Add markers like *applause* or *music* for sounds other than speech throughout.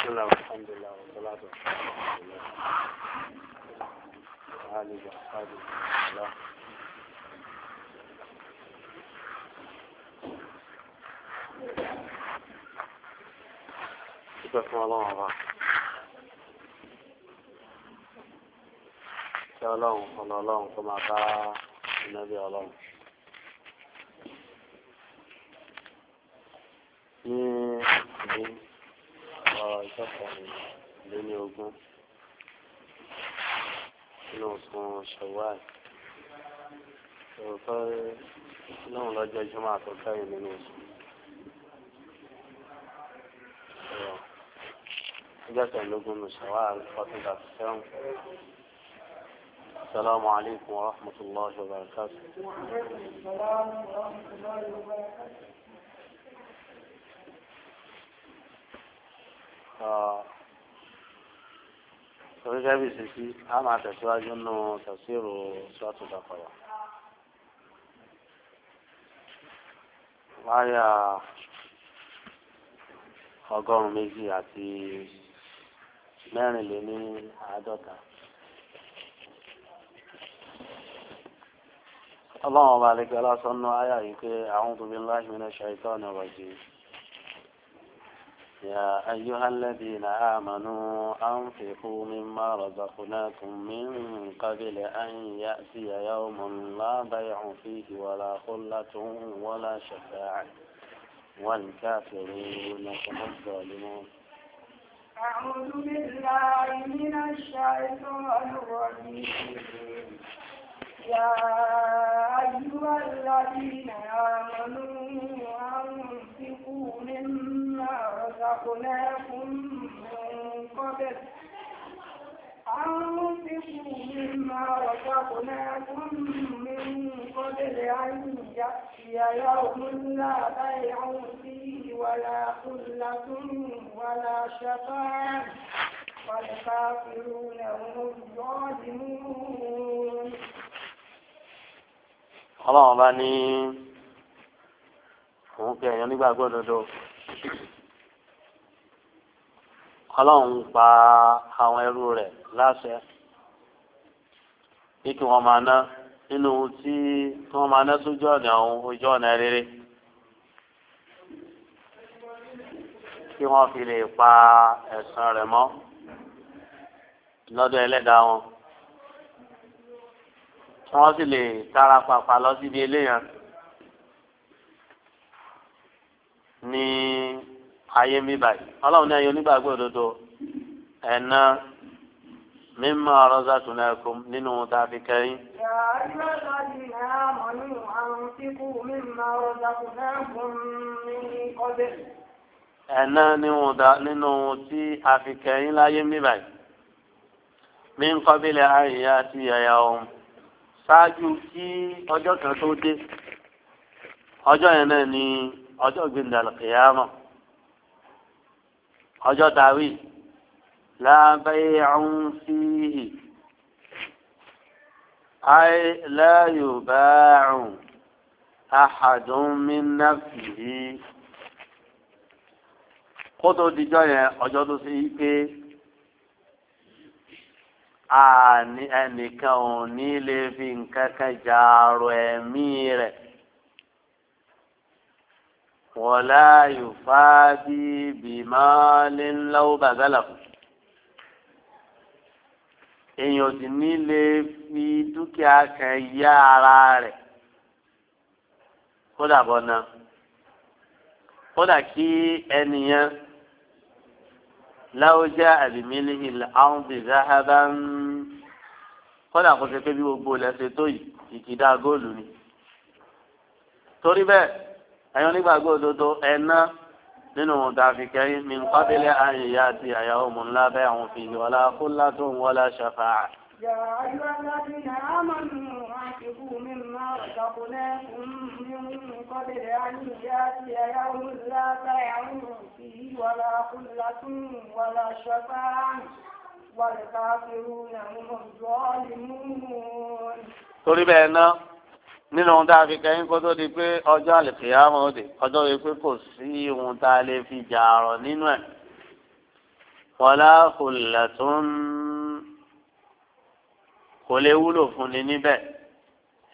بسم الله والحمد لله والصلاة والسلام على الله وآله وأصحابه وسلم بسم الله وبركاته سلام صلى الله كما قال النبي الله ni mẹ́tọ́kùnrin ogún nínú oṣù ṣẹ̀wáì òótọ́ lóhùn lọ́jọ́ jùmọ̀ àtọ́kẹ́yìn nínú oṣù. ọjọ́ kẹẹ̀ẹ́dógún ní ṣẹ̀wáì fourteen thirty seven. السلام عليكم ورحمة الله وبركاته. وعليكم السلام ورحمة الله وبركاته. oríṣiríṣi sísí a máa tẹ̀síwájú nù tẹ̀síro sọ́ọ̀tù dàpọ̀lá. wáyà ọgọ́rùn-ún méjì àti mẹ́rìnléní àádọ́ta. اللهم بارك على صنع آياتك أعوذ بالله من الشيطان الرجيم يا أيها الذين آمنوا أنفقوا مما رزقناكم من قبل أن يأتي يوم لا بيع فيه ولا خلة ولا شفاعة والكافرون هم الظالمون أعوذ بالله من الشيطان الرجيم يا أيها الذين آمنوا أنفقوا مما مما رزقناكم من قبل أنفقوا مما رزقناكم من قبل أن يأتي يوم لا بيع فيه ولا خلة ولا شفاعة والكافرون هم الظالمون ọlọ́run bá ní òun kí ẹ̀yàn nígbàgbọ́ òdodo ọlọ́run pa àwọn ẹrú rẹ̀ láṣẹ bí kí wọ́n máa ná nínú tí wọ́n máa ná sójú ọ̀nà òun ojú ọ̀nà rere kí wọ́n fi lè pa ẹ̀san rẹ̀ mọ́ lọ́dọ̀ ẹlẹ́dàá wọn kí wọ́n sì lè tara pàpà lọ síbi eléyàn ní ayé mi báyìí ọlọ́run ní ayé onígbàgbọ́ òdodo ẹ̀nà mímọ́ ọ̀rọ̀ sàtúnà ẹ̀kọ́ nínú ohun tá a fi kẹ́yìn. ẹ̀nà nínú ohun tí a fi kẹ́yìn láyé mi báyìí mi ń kọ́ bílẹ̀ àríyá àti ẹ̀yà ohun ṣáájú kí ọjọ́ kan tó dé ọjọ́ yẹn náà ni ọjọ́ gbẹ̀ndàlùkìyàmọ̀ ọjọ́ tàwí lábẹ́ àwọn fíhì láyùbáàrùn àhàdùnmínàfìhì kó tó dijọ́ yẹn ọjọ́ tó ṣe pé ẹnìkan ò ní lè fi nǹkan kan jàrò ẹ̀mí rẹ̀ wọ́lá yòfá bí bìmọ́lé ńláwó bàgálà kù. èèyàn sì ní lè fi dúkìá kan yá ara rẹ̀ kódà bọ́nà kódà kí ẹnìyàn láwùjá àbímílì ilẹ̀ àwọn bìbá hábà ń kódà kó ṣe pé bí gbogbo ilẹ̀ ṣe tó yìí ìkìdá góòlù ni torí bẹ́ẹ̀ ẹ̀yọ́ nígbàgbọ́ òdodo ẹ̀ná nínú mùtàfikẹ́ mi ń pábílẹ̀ àyíyá àti àyàwó mú ńlá bẹ́ẹ̀ àwọn fi wọlá kúlá tó ń wọlá ṣàfà. يا أيها الذين آمنوا أنفقوا مما رزقناكم من قبل أن يأتي يوم لا بيع فيه ولا خلة ولا شفاعة والكافرون هم الظالمون. torí bẹ́ẹ̀ náà nínú ohun tá a fi kẹ́yìn kó tó di pé ọjọ́ àlùkìyàmọ́ òde ọjọ́ yìí pé kò sí ohun tá a lè fi jà àrọ̀ nínú ẹ̀. wọlá kòlẹ̀ tó ń kò lè wúlò fún ni níbẹ̀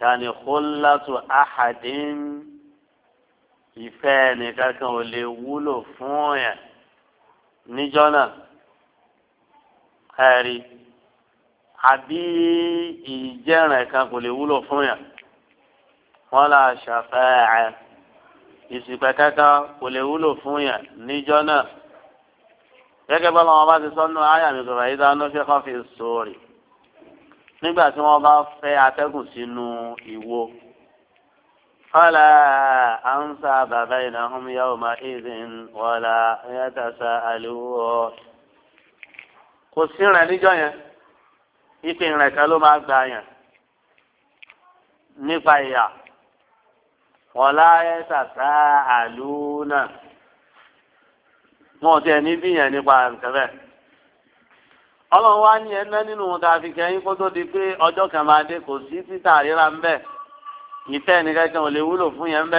yàní kólátù àhàdín ìfẹ́ nìkan ò lè wúlò fún yẹn níjọ́ náà ẹ̀rí àbí ìjẹ́rìn kan kò lè wúlò fún yẹn wala shafa'a ìsìnkú kankan kò lè wúlò fún yẹn níjọ́ náà gẹ́gẹ́ bọ́lá wọn bá ti sọ nínú àyà mi sọ̀rọ̀ yìí dáná fẹ́ kọ́ fi sóòrì nígbà tí wọ́n bá fẹ́ atẹ́gùn sínú ìwo fọlá ansa bàbá yìí náà hùm yàwó ma ìzìn wọlá yàtàṣà àlùwọ. kò sí rẹ̀ níjọ́ yẹn ìpín rẹ̀ kan ló máa gbà yẹn nípa ìyà wọn láyé tàtà àlùnà wọn ò tiẹ̀ ní bíyàn nípa nǹkan bẹ́ẹ̀. ọlọ́run wá ní ẹná nínú wọn tá a fi kẹ́yìn kó tó di pé ọjọ́ kan máa dé kò sí títà ríra ń bẹ̀ ìfẹ́ nìkankan ò lè wúlò fún yẹn ń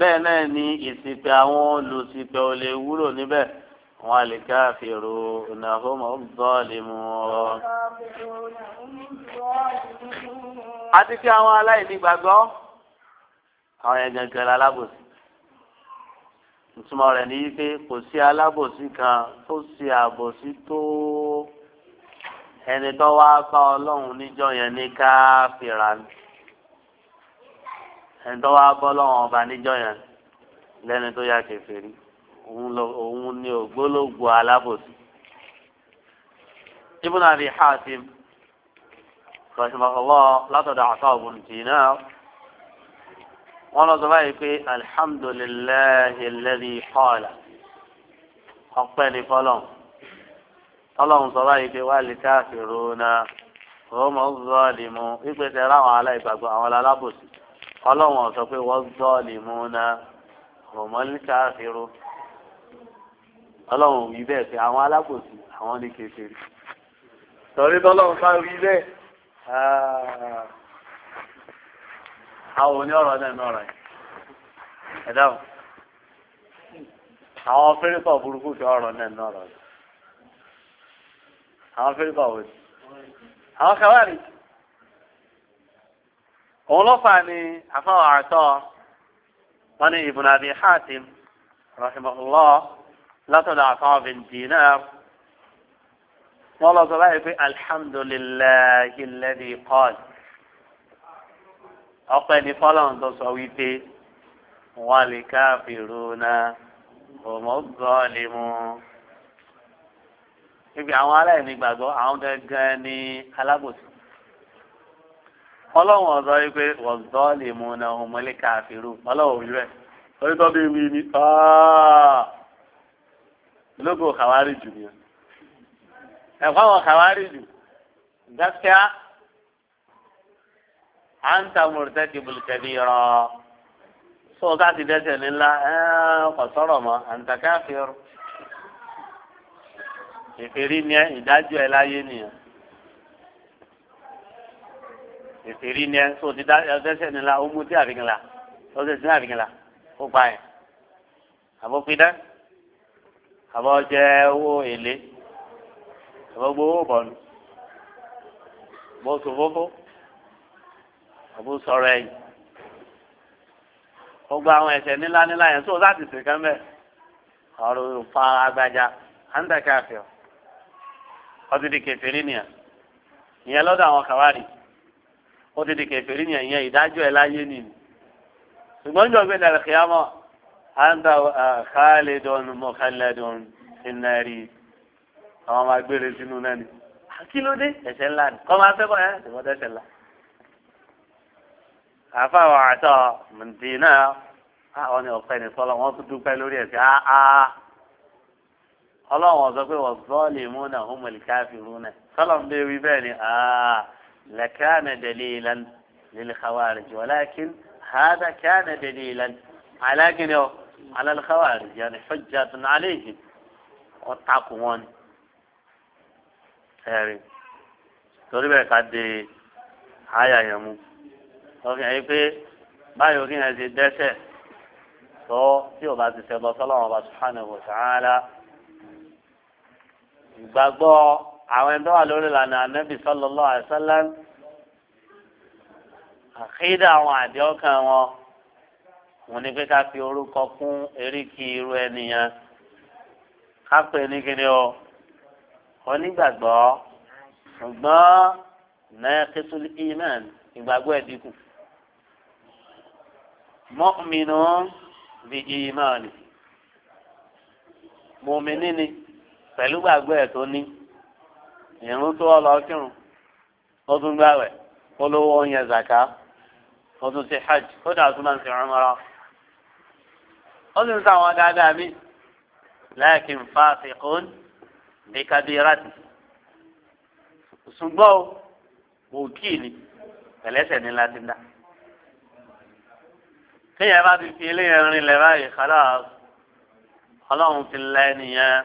bẹ́ẹ̀ náà ni ìsìnkú àwọn olùsìnkú ò lè wúlò níbẹ̀. والكافرون هم الظالمون àti kí àwọn aláìní gbàgbọ́ àwọn yẹn gangan la alábòsí ìtumọ̀ rẹ̀ ní pé kò sí alábòsí kan tó ṣe àbòsí tó ẹni tó wá bá ọlọ́run níjọ́ yẹn ní káfíra ẹni tó wá bọ́ ọlọ́run ọba níjọ́ yẹn lẹ́ni tó yà kèfèrí òun ni ògbólógbò alábòsí. ibùdó àbí hatim rahimahullah látọ̀dọ̀ àtọ̀ ọ̀bùn tì wọn lọ sọ báyìí pé alihamudulilayi lẹbi xọlá ọpẹ́ ní fọlọ́n fọlọ́n sọ báyìí pé wàá lè káfíìrù náà rọmọ zọọlì mu ìpèsè ráwọn aláìgbàgbọ́ àwọn alábòsí ọlọ́wọ́n sọ pé wọ́n zọọlì mu náà rọmọ lè káfíìrù ọlọ́wọ́n wí bẹ́ẹ̀ pé àwọn alábòsí àwọn ní kékeré sọrí tọ́lọ́wọ́n bá wí bẹ́ẹ̀. Ah. او نارا ده نارا ادام حافر تا برگو شارا نه نارا حافر تا بود ها خبری اولا فهمی حفا و عطا من ابن ابي حاتم رحمه الله لا تدع قاب دينار والله تبعي في الحمد لله الذي قال ọpẹ́ ní fọlọ́run tó sọ wípé wọn lè káfírúnà òmùgọ́ọ̀lìmù ibi àwọn aláìní gbàgbọ́ àwọn gangan ní alábòsí ọlọ́run ọ̀sọ́ wípé wọ̀gọ́ọ̀lìmù náà òmùlẹ̀ káfírú ọlọ́run òwú rẹ̀ orí tó bí wí ni lógo kàwárí jù ni ẹ̀fọ́ àwọn kàwárí jù dákẹ́ à ń ta mọ̀rẹ́tẹ́ ti bulukẹ́bí rọ sọ ká ti dẹ́sẹ̀ nílá kò sọ̀rọ̀ mọ́ à ń ta káfíìrù ìfèrí ni ẹ ìdájọ́ ẹ láyé nìyẹn ìfèrí ni ẹ sọ ti dẹ́sẹ̀ nílá ó mú tí àfihàn la ó sì sin àfihàn la ó pa yẹn àbó pidá àbó jẹ owó èlé àbó gbowó bọ̀nù bó sòfófó àbó sọ̀rọ̀ ẹ̀yìn gbogbo àwọn ẹ̀ṣẹ̀ ńlá ńlá yẹn tó láti sè kán bẹ́ẹ̀ ọ̀rọ̀ òfa agbájá àǹdàkà àfẹ́ọ̀ ọtí di kẹfẹ́rí nìyẹn ìyẹn lọ́dọ̀ àwọn kàwárì ó ti di kẹfẹ́rí nìyẹn ìyẹn ìdájọ́ ẹ̀ láyé nìyẹn ṣùgbọ́n jọ gbé dàrẹ́ kìámọ́ àǹdà khalidun mukhalladun ìnárì àwọn máa gbére sínú náà ni kí ló dé ẹ̀ṣẹ̀ ńlá ni kọ́ máa fẹ́ bọ́ ẹ̀ ṣùgbọ́n dẹ́ṣẹ̀ ńlá àfa àwọn àtọ mùdínà àwọn ni ọ̀pẹ nìkan lọ wọ́n tún dúpẹ́ lórí ẹ̀sìn áá ọlọ́run ọ̀sọ́ pé wọ́n bọ́ọ̀lì mú náà ó mọ̀lì káfíìrú náà sọlọ́n bẹ́ẹ̀ wí bẹ́ẹ̀ ni lẹ́kánà dalilan lílẹ̀ khawarij walakin hada kánà dalilan alákìnrin ọ alal khawarij yani hujjatun alayhim ọ takùn wọn ni ẹ̀rí torí bẹ́ẹ̀ ká de àyà yẹn mú tọ́fi àyè pé báyìí òkè yẹn ti dẹ́sẹ̀ tó tí ò bá ti ṣe bọ́ sọ́lọ́wọ́n ọba subhanahu wa ta'ala ìgbàgbọ́ àwọn ẹni tó wà lórí ìlànà ànábì sallallahu alaihi wasallam àkéde àwọn àdéhùnkàn wọn wọn ni pé ká fi orúkọ kún eríkì irú ẹnìyàn ká pè ní kíni o onígbàgbọ́ ṣùgbọ́n náà kẹtùlì ìmọ̀ ìgbàgbọ́ ẹ̀dínkù mọ́mìnà bí ìmáàlì mọ́mìnì ni pẹ̀lú gbàgbọ́ ẹ̀ tó ní ìrún tó ọlọ kírun ó tún gbàwẹ̀ ó lówó oúnjẹ zàká ó tún ṣe hajj ó dà tún máa ń ṣe ọmọra ó sì ń sàwọn dáadáa mi láàkín fásikún bí kábíràtì ṣùgbọ́n mo ni pẹ̀lẹ́sẹ̀ ní láti dá téèyàn bá ti fi eléyẹn rinlẹ̀ báyìí kálá ọlọ́run ti la ẹnìyẹn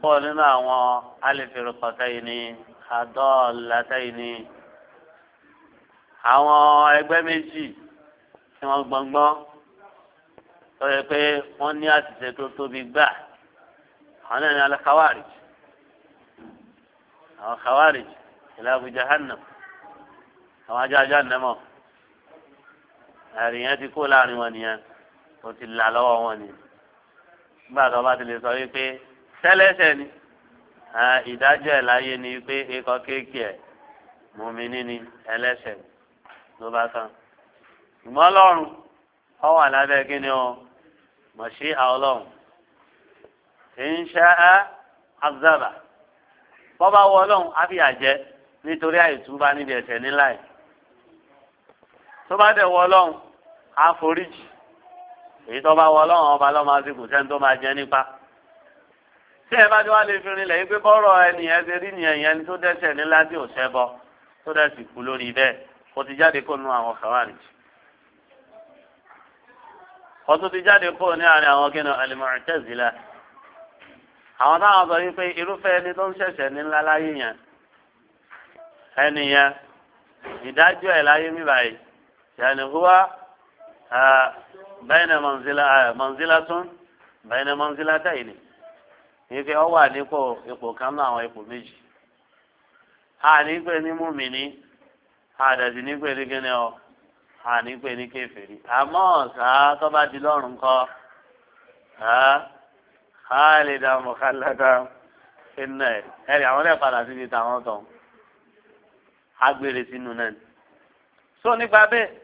pọ̀ nínú àwọn alẹ́fẹ̀rẹ̀kọ̀tà yìí ni àdọ́ọ̀látà yìí ni àwọn ẹgbẹ́ méjì tí wọ́n gbọ́ngbọ́n tó yẹ pé wọ́n ní àtìsẹ́ tó tóbi gbà àwọn náà ní alákàwárìj àwọn kàwárìj ìlà Abu Jahannam àwọn ajá ajá nàmọ́ ẹ̀rì yẹn ti kó láàrin wọn nìyẹn o ti là lọ́wọ́ wọn ni nígbà tó bá ti lè sọ wípé tẹ́lẹ́sẹ̀ ni ìdájọ́ ẹ̀ láyé ni pé ikọ̀ kéèkì ẹ̀ mùmíní ni ẹlẹ́sẹ̀ ló bá tán ìmọ̀ ọlọ́run ọ wà lábẹ́ kí ni o mọ̀ sí àọlọ́run ìṣe ẹ́ azaba bọ́ bá wọ ọlọ́run á fi àjẹ nítorí àìtúbá níbi ẹ̀ṣẹ̀ níláì tó bá dẹ̀ wọ ọlọ́run á foríjì èyí tó bá wọ ọlọ́run ọba lọ́mọ azikùn sẹ́ni tó máa jẹ nípa tí ẹ bá ti wá lè fi rinlẹ̀ yìí pé bọ́rọ̀ ẹnìyẹn ṣe rí nìyẹn yẹn tó dẹ́sẹ̀ ní ládì òṣẹ́bọ tó dẹ́sì kú lórí bẹ́ẹ̀ kó ti jáde kó nu àwọn kàwárì kó tó ti jáde kó ní àárín àwọn kí ni al-Mu'tazila àwọn táwọn sọ wípé irúfẹ́ ẹni tó ń ṣẹ̀ṣẹ̀ ní ńlá láyé yẹn ẹnìyẹn ìdájọ́ ẹ̀ láyé mi báyìí يعني هو بين منزلة منزلة بين منزلتين ife ọ wà nípò ipò kan náà àwọn ipò ha ànípè ní múmìnì àdàdì nípè ní ha ọ ànípè ní kèfèrí àmọ́ ọsà tó bá di lọ́rùn kọ khalida mukhalada iná ẹ ẹrí àwọn ẹ padà síbi tàwọn tán agbèrè sínú náà so nípa bẹ́ẹ̀.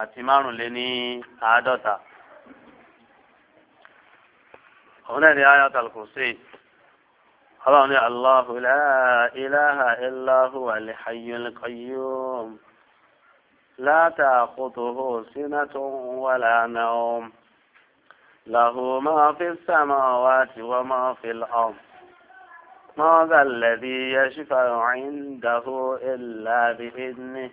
àti márùnléní àádọ́ta òun náà ni ayat al-kursi ọlọ́run ní aláhu iláha iláhu alihayyul qayyum láta àkótóhó sínátó wàlá náà lahu máa fi samawati wa máa fi al-ard. ما ذا الذي يشفع عنده إلا بإذنه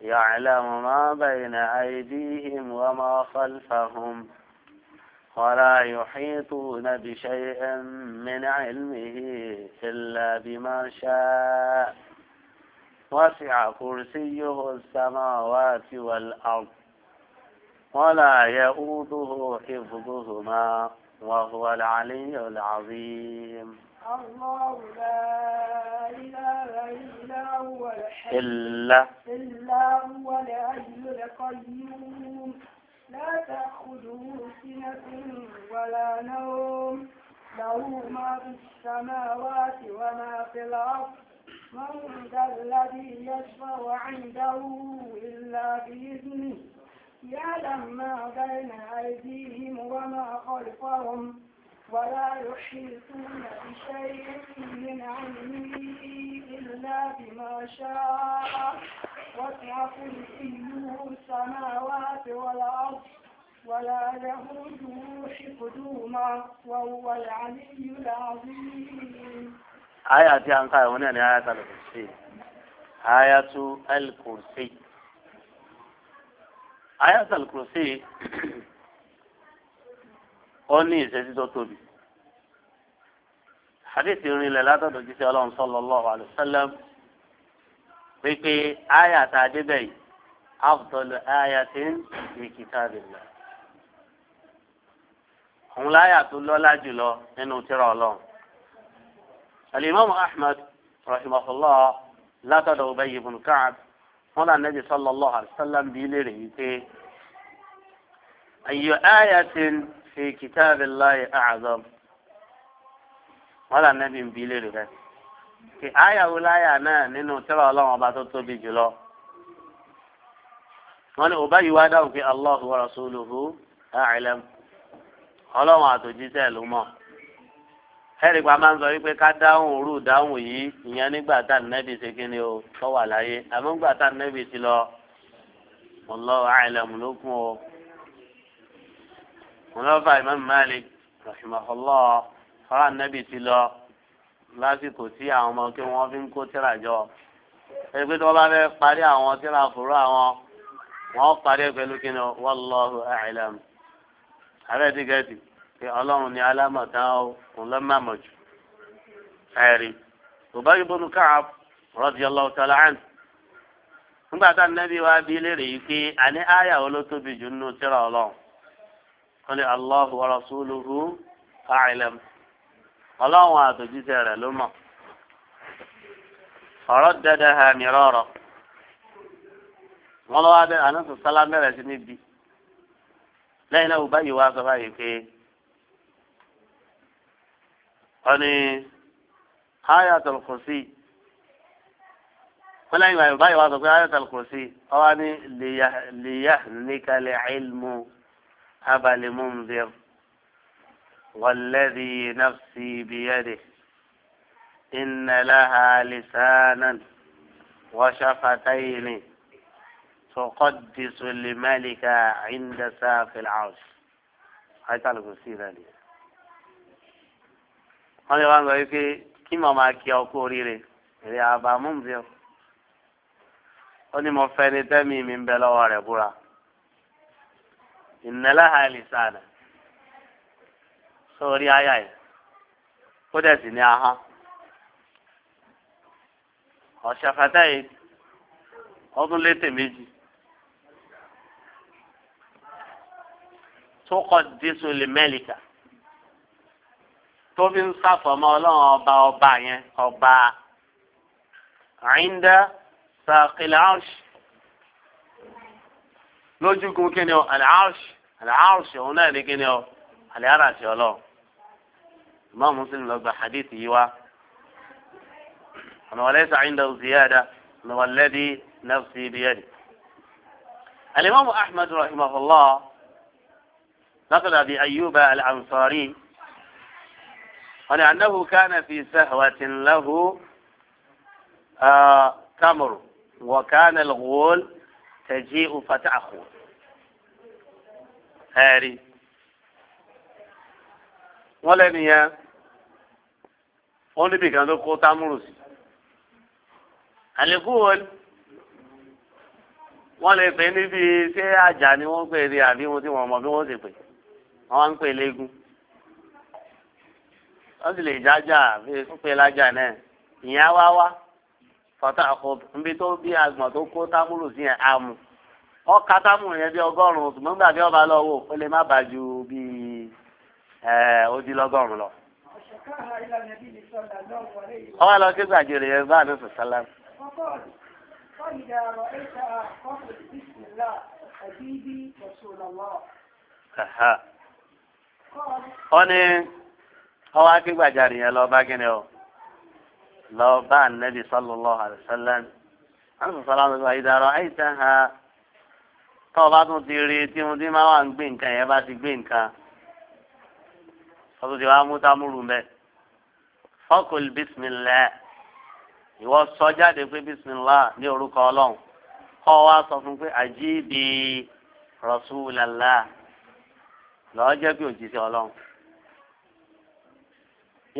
يعلم ما بين أيديهم وما خلفهم ولا يحيطون بشيء من علمه إلا بما شاء وسع كرسيه السماوات والأرض ولا يؤوده حفظهما وهو العلي العظيم الله لا إله إلا هو الحي إلا إلا هو الحي القيوم لا تأخذه سنة ولا نوم له ما في السماوات وما في الأرض من ذا الذي يشفع عنده إلا بإذنه يعلم ما بين أيديهم وما خلفهم ولا يحيطون بشيء من علمه إلا بما شاء وسع كرسيه السماوات والأرض ولا يهوده حفظهما وهو العلي العظيم آية أنقى هنا آية الكرسي آية الكرسي آية الكرسي ó ní ìṣesí tó tóbi hadithi rinlẹ̀ látọ̀dọ̀ jíṣẹ́ ọlọ́run sallallahu alaihi wasallam pípé àyà tá a débẹ̀ yìí afdalu ayatin fi kitabillah òun láyà tó lọ́lá jùlọ nínú tírà ọlọ́run alimami ahmed rahimahullah látọ̀dọ̀ Ubay ibn Ka'b wọn là nẹ́bi sallallahu alaihi wasallam bí léèrè yìí pé ayyu ayatin. في كتاب الله أعظم ولا النبي بيلي رفاق في آية ولاية أنا ننو ترى الله وبعثته بجلو wọ́n ní ọba yìí wá dáhùn pé Allahu wa rasuluhu a'lam ọlọ́run àtòjíṣẹ́ ló mọ̀ ẹ̀rí pa máa ń sọ wípé ká dáhùn òru dáhùn yìí ìyẹn nígbà tá nẹ́bí ṣe kí ni o tó wà láyé àmọ́ nígbà tá nẹ́bí ti lọ Allahu a'lam ló o wọn lọ fa Imam Malik rahimahullah fara nẹbi ti lọ lásìkò tí àwọn ọmọ kí wọn fi ń kó tíra jọ ẹgbẹ́ tí wọ́n bá fẹ́ parí àwọn tíra fòrò àwọn wọ́n parí ẹ̀ pẹ̀lú kí ni wallahu a'lam ààrẹ ti gẹ̀ẹ́sì pé ọlọ́run ni alámọ̀tán òun lọ́ máa mọ̀ jù ẹ̀rí Ubay ibn Ka'ab radiyallahu ta'ala anhu nígbà tá a wa bí léèrè yìí pé àní áyà olótóbi jù nínú tíra ọlọ́run wọ́n ní Allahu wa rasuluhu a'lam ọlọ́run àtòjíṣẹ́ rẹ̀ ló mọ̀ ọ̀rọ̀ dẹ́dẹ́ ha mìíràn wọ́n lọ́wọ́ abẹ́ ànáṣọ sálámẹ́rẹ̀ sí níbi lẹ́yìn náà báyìí wá sọ báyìí pé wọ́n ní ayatul kursi wọ́n lẹ́yìn báyìí wá sọ pé ayatul kursi ilmu. أبا المنذر والذي نفسي بيده إن لها لسانا وشفتين تقدس الملك عند ساق العرش هاي تعالى قصيدة لي wọ́n lè wá ń ما كي أقولي màmá kí ọkú oríire èrè àbámúndìr ó ní mo fẹ́ ìnàlá àlìsàdà sórí àyà yìí ó dẹ̀ sì ní ahọ́n ọ̀ṣàfàtà yìí ọdún létè méjì tó kọ́ dísù lè mẹ́lìkà tó fi ń sàfọ̀mọ́ ọlọ́run ọba ọba yẹn ọba àyíndá sàkìlà ọ̀ṣì. lójúgun kí ni ọ àlàáṣì àlàáṣì òun náà ní kí ni ọ àlàáṣì ọlọ́run imam muslim lọ gba hadith yìí wá ọ̀nà wàlẹ́ sàcín dàrú ziyada ọ̀nà wàlẹ́ di nafsi biyadi. alimami ahmed rahimahullah látọ̀dọ̀ àbí ayuba al-ansari wọn ni anahu kana fi sahwatin lahu tamur wa kana al-ghul. tẹ̀jí òfàtà àkó ẹ̀rí wọ́n lẹ́nu yẹn wọ́n níbi kan tó kó támúrù sí àlékún wọn wọ́n lè pè níbi ṣé àjà ni wọ́n pè ní àbí wọn tí wọ́n mọ̀ bí wọ́n ṣe pè wọ́n ń pè léegun wọ́n sì lè jájà bí wọ́n pè lájà náà ìyẹn á wá wá fata àkọọdù níbi tó bí àgbọn tó kó támúrù sí yẹn àmù ọkà támúrù yẹn bí ọgọ́rùn-ún ṣùgbọ́n gbà bí ọba lọ wò ó lè má bàa ju bí odilọ́gọ́rùn-ún lọ. ọwọ́ lọ sí gbàgèrè yẹn bá àdúgbò sálá. ọ ní ọwọ́ akégbàjarì yẹn lọ bá gẹ́ni o lọ bá ànábì sallallahu alaihi wasallam àwọn sọ̀rọ̀ àwọn ìdàrọ̀ àìsàn ha tọ́ ọ bá tún ti rí tí mo ti máa wà ń gbé nǹkan yẹn bá ti gbé nǹkan ọtún ti wá mú támúrù mẹ́ fọ́kùl bísímìlá ìwọ sọ jáde pé bísímìlá ní orúkọ ọlọ́run kọ́ wa sọ fún pé àjíbi rọ̀ṣúlàlá lọ́ọ́ jẹ́ pé òjíṣẹ́ ọlọ́run.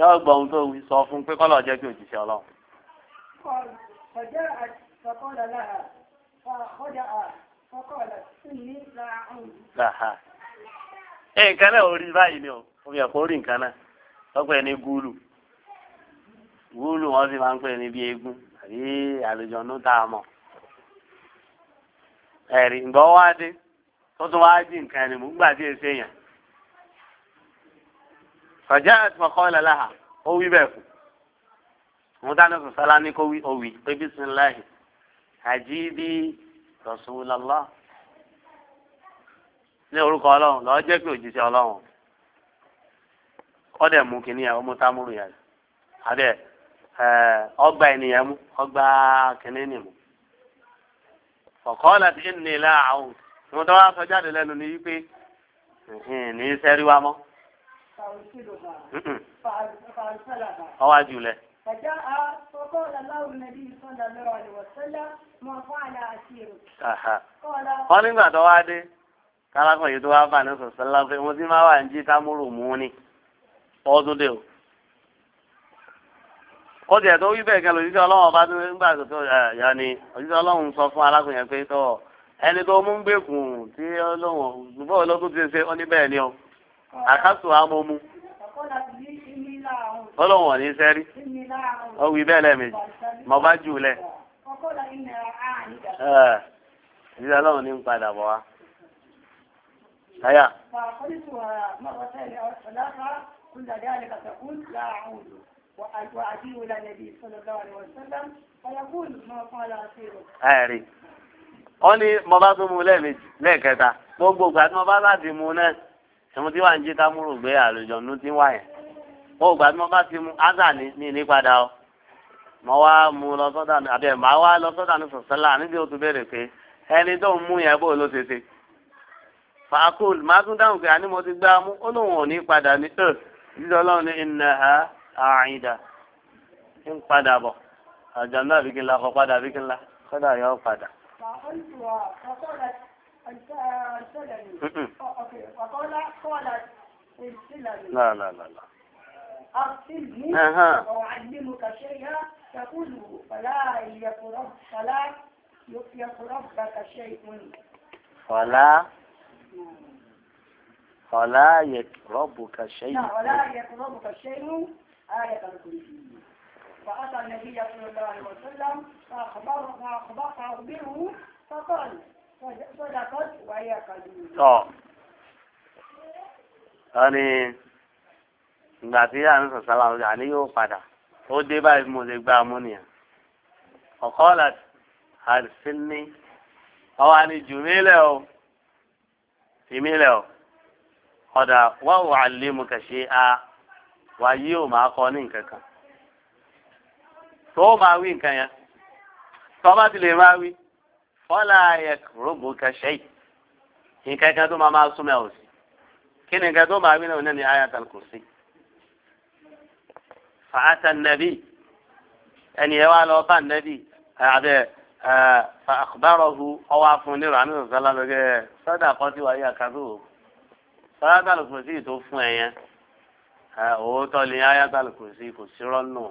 yọ ọgbà ohun tó wí sọ fún pé kọ́lọ̀ jẹ́ kí òjìṣẹ́ ọlọ́run. nǹkan náà ò rí báyìí ni o omi ẹ̀kọ́ rí nǹkan náà wọ́n ní gúlù gúlù wọ́n sì máa ń pè ní bí eégún àbí àlùjọ̀nú tá a mọ̀ ẹ̀rí ǹgbọ́ wá tó tún wá jí nǹkan ẹni mú gbà tí èsì èèyàn. fàjà àtìmọ̀kọ́ ìlàlá ha ó wí bẹ́ẹ̀ kù wọn dáná sọ sálá ní kó wí ó wí pé bisimilahi àjíbí rasulallah ní orúkọ ọlọ́run lọ́ọ́ jẹ́ pé òjíṣẹ́ ọlọ́run ọdẹ mú kínní yẹn ọmú támúrù yẹn adẹ ọgbà ènìyàn mú ọgbà kínní nì mú ọ̀kọ́ọ̀lá ti ń nílá àwọn ìwọ̀n tó sọ jáde lẹ́nu ni wípé ní sẹ́rí wa mọ́ ọwọ́ àjùlẹ̀. فجاء فقال له النبي صلى الله عليه وسلم ما فعل أسيرك قال wọ́n nígbà tó wá dé kálákùn yìí tó wá bà ní sọ̀sọ́lá pé mo ti máa wà ń jí támúrù mú ni ọdún dé o. ó tiẹ̀ tó wí bẹ́ẹ̀ kẹ́ lòjíṣẹ́ ọlọ́run bá tún nígbà tó yà ni òjíṣẹ́ ọlọ́run sọ fún alákùn yẹn pé tọ́ ẹni tó mú ń gbèkùn tí ọlọ́run bọ́ọ̀ lọ́dún ti ṣe ó àkásù amómú ọlọ́run ọ̀ní sẹ́rí ó wí bẹ́ẹ̀ lẹ́ẹ̀mejì mo bá jù lẹ̀ ìdílé ọlọ́run ní ń padà bọ̀ wá. Táyà. Ẹ̀rí. Wọ́n ní mo bá tún mu lẹ́ẹ̀mejì lẹ́ẹ̀kẹta. Gbogbo ìgbà tí mo bá láti mu náà tẹmu tí wà ń jí kámúrò gbé àlùjọ nù tí wà yẹn mo gbà tí mo bá ti mu ásà ní ní padà o mo wá mu lọ sọ́dà àbí ẹ̀ máa wá lọ sọ́dà ní sọ̀sẹ́là níbi o tún béèrè pé ẹni tó ń mú yẹn bó ló ṣe ṣe fàákùl máa tún dáhùn pé àní mo ti gbá mú ó lóun ò ní padà ní ẹ jíjọ ọlọ́run ní iná àìdá ń padà bọ̀ àjàmbá àbíkínlá kọ padà àbíkínlá kọ́dà yọ padà. السلمي وقال قالت السلمي لا لا لا لا أرسلني أه. وأعلمك شيئا تقوله فلا يقرب فلا يقربك شيء فلا فلا يقربك شيء لا ولا يقربك شيء آية الكرسي فأتى النبي صلى الله عليه وسلم فأخبره فأخبره فقال tọ́ wọ́n ní ìgbà tí yà ń sọ̀sálà ọ̀rẹ́ àní yóò padà ó dé báyìí mo lè gba amúnìyàn ọ̀kọ́ láti àìsíní ọwọ́ àní jù mí lẹ̀ o fi mí lẹ̀ o ọ̀dà wọ́n wà lé mu kẹ̀ṣe a wà yí máa kọ́ ní nǹkan kan tó máa wí nǹkan yẹn tó bá ti lè máa wí ọ̀là ayẹkùrọ̀bù kẹsẹ̀ yìí nǹkan kan tó máa máa súnmọ́ ẹ̀ òsì kí ni nǹkan tó máa wí náà ní ayatul kursi. fàáta nàbí ẹni ẹ wá lọ bá nàbí àbẹ fàkbárọ̀hu ọwọ́ afun nírọ̀ àmì òsàlá lókè sọ́dà kan tí wàá yà kàdó ayatul kursi tó fún ẹ yẹn òótọ́ ni ayatul kursi kò sí rọ́nù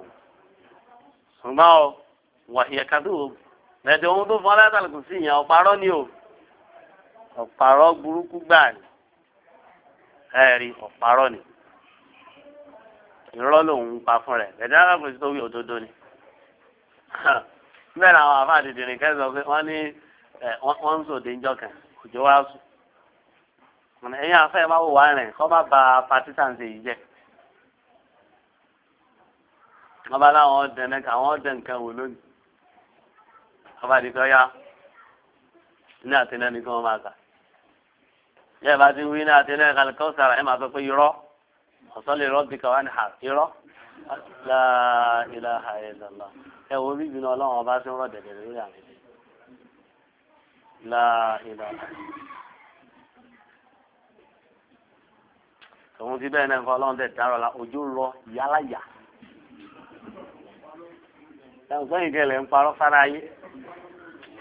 ṣùgbọ́n wàhíyà kàdó mẹ̀tẹ̀ ohun tó fún aláìsàn kò sí ìyẹn ọ̀parọ́ ni o ọ̀parọ́ burúkú gbà ní ẹ̀rí ọ̀parọ́ ni irọ́ lòun ń pa fún rẹ̀ mẹ̀tẹ̀ aláìsàn kò sí tó òdodo ni bẹ́ẹ̀ làwọn àfa àdìdì rìn kẹ́sàn pé wọ́n ní wọ́n ń sòdè ńjọ kan òjò wá sùn ẹ̀yin afẹ́ ẹ má wò wá rìn kọ́ má ba patítàǹsì yìí jẹ́ wọ́n bá láwọn ọdẹ náà káwọn ọdẹ nǹkan wò lónìí ọba àdìsọ ya ní àtẹnẹ ni kí wọn máa kà yẹ bá ti wí ní àtẹnẹ kàlùkọ sara ẹ máa sọ pé irọ́ ọsọlẹ irọ́ bí kàwá ní ha irọ́ la ilaha illallah ẹ wo bí ìbínú Ọlọ́run ọba ti ń rọ dẹdẹ lórí àmì la ilaha tòun ti bẹ́ẹ̀ náà nǹkan ọlọ́run tẹ̀ dárọ̀ la ojú rọ yálàyà. ẹ̀sán ìkẹlẹ̀ ń parọ́ fara yé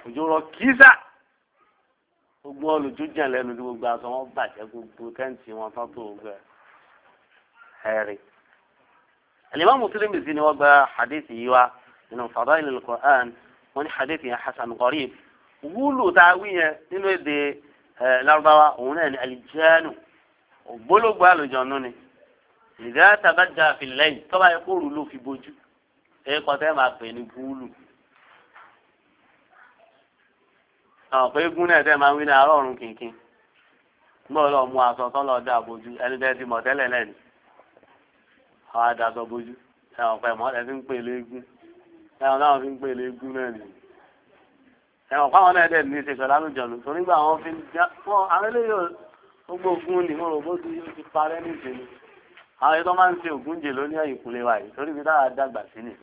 òjò rọ kíza gbogbo olùjújàn lẹ́nu ní gbogbo aṣọ wọn bàjẹ́ gbogbo tẹ́ǹtì wọn tán tó gbẹ ẹ̀rí. Al-Imam Tirmidhi ni wọ́n gba hadith yìí wá nínú Fadail al-Qur'an wọ́n ní hadith yẹn hasan qarib wúlò tá a wí yẹn nínú èdè Lárúbáwá òun náà ní alìjẹ́nu ògbólógbò àlùjọ̀nù ni ìdá tàbájà fil tọ́ba yẹ kó fi bójú ẹ̀kọ́ tẹ́ máa pè ní búlù. àwọn pé gún náà tẹ́ máa ń wí ní àárọ̀ ọ̀run kìnkìn gbọ́dọ̀ lọ mú aṣọ tọ́lọ̀ dá bojú ẹni tẹ́ ti mọ̀ tẹ́lẹ̀ náà ni àwọn adàsọ bojú ẹ̀wọ̀n pẹ̀ mọ́ ẹ̀fí ń pè léegun ẹ̀wọ̀n táwọn fi ń pè léegun náà ni ẹ̀wọ̀n pàwọn náà dẹ̀ ní ìṣèṣọ́ lálùjọ̀nù torí gbà wọ́n fi já wọ́n àwọn eléyìí gbogbo ogun ni mo rò bó ti ti parẹ́ ní ìsinmi àwọn ètò máa ń ṣe ògùn jè lónìí ẹ̀yìnkùlé wa yìí torí ibi táwọn dàgbà sí ni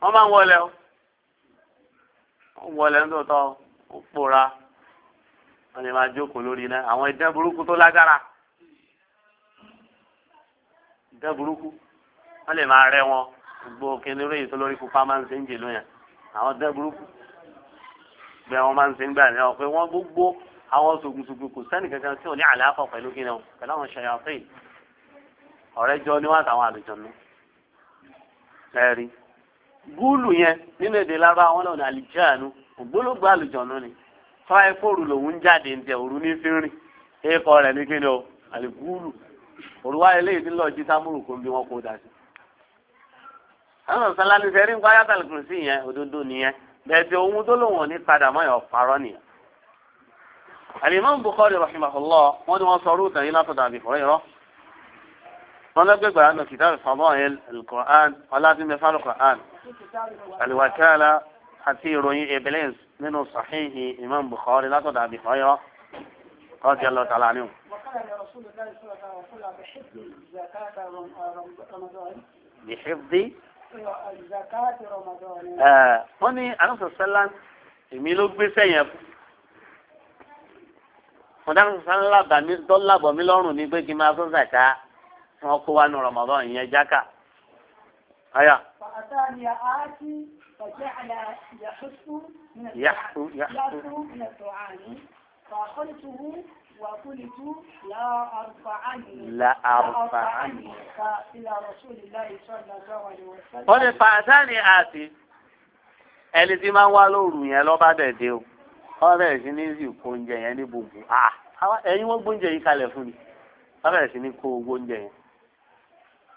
wọ́n máa ń wọlé o wọ́n wọlé ń tòótọ́ ó pòórá wọ́n lè máa jókòó lórí iná àwọn ìdán burúkú tó lágbára ìdán burúkú wọ́n lè máa rẹ́ wọn gbogbo kíni lóye tó lórí pupa máa ń ṣe ń jè lóyún àwọn ìdán burúkú bẹ́ẹ̀ wọ́n máa ń ṣe ń gbà ní ọ pé wọ́n gbogbo àwọn sògùnsògùn kò sẹ́nì kankan tí ò ní àlàáfọ̀ pẹ̀lú kíni o pẹ̀lú àwọn ṣẹyàfẹ́ ọ̀rẹ́jọ́ níwájú àwọn àlùjọ ní ẹ̀rí gúùlù yẹn nínú èdè lára àwọn náà ní àlìjáàánú ògbólógbòó àlùjọ̀nù ni fáwọn ẹ̀fọ́rù lòún jáde ń òru ní fínrin ẹ̀kọ́ rẹ̀ ní kíni o àlìgúùlù òrùwá eléyìí ti lọ jí sámúrù kó ń bí wọn kó dà sí. sí yẹn òdodo nìyẹn bẹ́ẹ̀ ohun tó lòun ò ní padà mọ́ wọ́n wọ́n sọ wọn lọgbẹ gbàrà nù kìtàbù fàbọyìn alukoran ọlátúndé fàlùkọrán aliwakala àti ìròyìn iblis nínú sàhíhì imam bukhari látọ̀dọ̀ àbí ọyọ ọdí ọlọtàlá ni o. bìhìbdì. wọ́n ní aláṣọ̀sẹ́lá èmi ló gbé sẹ́yìn ẹ̀kú mo dáhùn sáńlá dọ́là bọ̀ mí lọ́rùn ní pé kí n máa fún zàká tí wọ́n kó wá nu Ramadan ìyẹn jáka. Aya. Yàtú yàtú. وقلت لا أرفعني لا أرفعني إلى رسول الله صلى الله عليه وسلم قل فأتاني آتي ẹni tí máa ń wá lóru yẹn lọ́ba dẹ̀dẹ̀ o wọ́n bẹ̀rẹ̀ sí ní sí kó oúnjẹ yẹn ní gbogbo ah, ẹ̀yin wọ́n gbóúnjẹ yìí kalẹ̀ fún mi wọ́n bẹ̀rẹ̀ sí ní kó owó oúnjẹ yẹn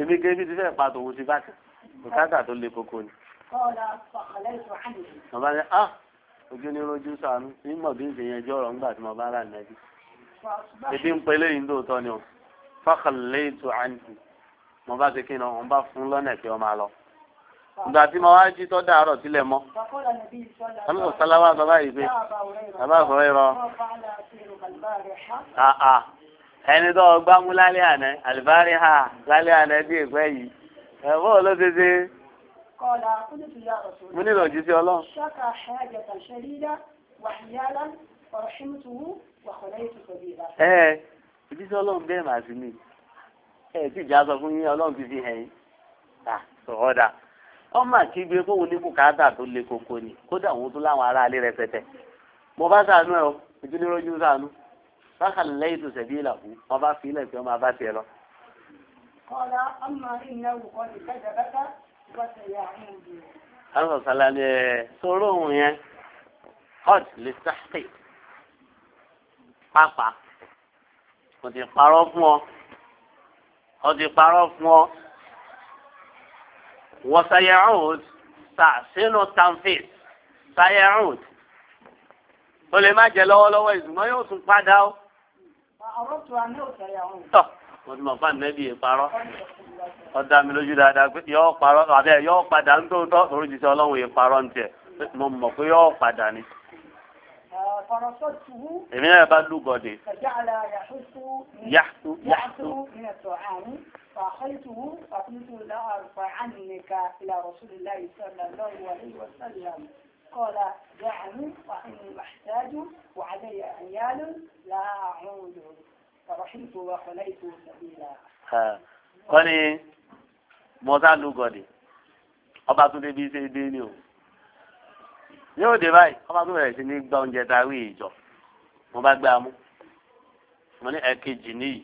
èmi gé mi ti fẹ́ pa tòun ti bá tẹ̀ bùkátà tó le koko ni. bàbá yẹn ah ojú ni rojú sànú nímọ̀ bí ìṣe yẹn jọ̀rọ̀ ńgbà tí mo bá rà nẹ́bí. ebi ń pelé yìí lóòótọ́ ni o fọkànlẹ́ ètò àǹtí mo bá ti kí ni wọn bá fún lọ́nà pé ọ máa ìgbà tí mo wá jí tọ́ dàárọ̀ sílẹ̀ mọ́ ọlọ́run sáláwá bàbá yìí pé bàbá àfọwọ́ ẹni tó ọgbà mú lálẹ́ àná àlùbárí ha lálẹ́ àná bí ìpẹ́ yìí ẹ̀fọ́ ló ti ṣe. kọ́lá kúndùkú yà ọ̀sùn. mo nílò ojú sí ọlọ́run. ṣáka ṣáàjẹta ṣẹlídà wàhíyálà ọ̀rọ̀ṣímùtúwú wàkọ̀lẹ́yìntùkọ̀bìlà. ẹ ẹ ojú sí ọlọ́run bẹ́ẹ̀ màá sí mi ẹ ti jà sọ fún yín ọlọ́run ti fi hẹ̀ yín ta sọ̀ọ́dà ọmọ àkígbe kóhun ní bùkátà tó le koko ni kódà òun tó láwọn aráalé rẹpẹtẹ mo bá ṣàánú ẹ o ojú rojú ṣàánú bákan lẹ́yìn tó sẹ̀bí ìlà fún wọn bá fi ilẹ̀ pé wọn máa bá tiẹ̀ lọ. kọ́lá ọmọ iná wùkọ́ ní kẹ́jọ bẹ́tà gbọ́sẹ̀ yà ń bì. àwọn sọ̀sálà ni ẹ̀ sọ̀rọ̀ yẹn hot lè sáfì pápá kò ti parọ́ fún ọ tọ́ wọ́n ti mọ̀ fún ànẹ́bí ìparọ́ ọ̀dà mi lójú dáadáa pé yọ́ parọ́ àbẹ́ yọ́ padà ń tó tọ́ torí ti sọ ọlọ́run ìparọ́ ń tiẹ̀ mo mọ̀ pé yọ́ padà ni. èmi náà bá lúgọ̀dè. yàtú قال دعني وإني محتاج وعلي عيال لا أعود فرحلت وخليت سبيلا ها ní mọ́sálù gọ̀dì ọba tún débi ṣe dé ní o yóò dé báyìí ọba tún bẹ̀rẹ̀ sí ní gba oúnjẹ darí ìjọ mo bá gbé amú mo ní ẹ̀kejì níyì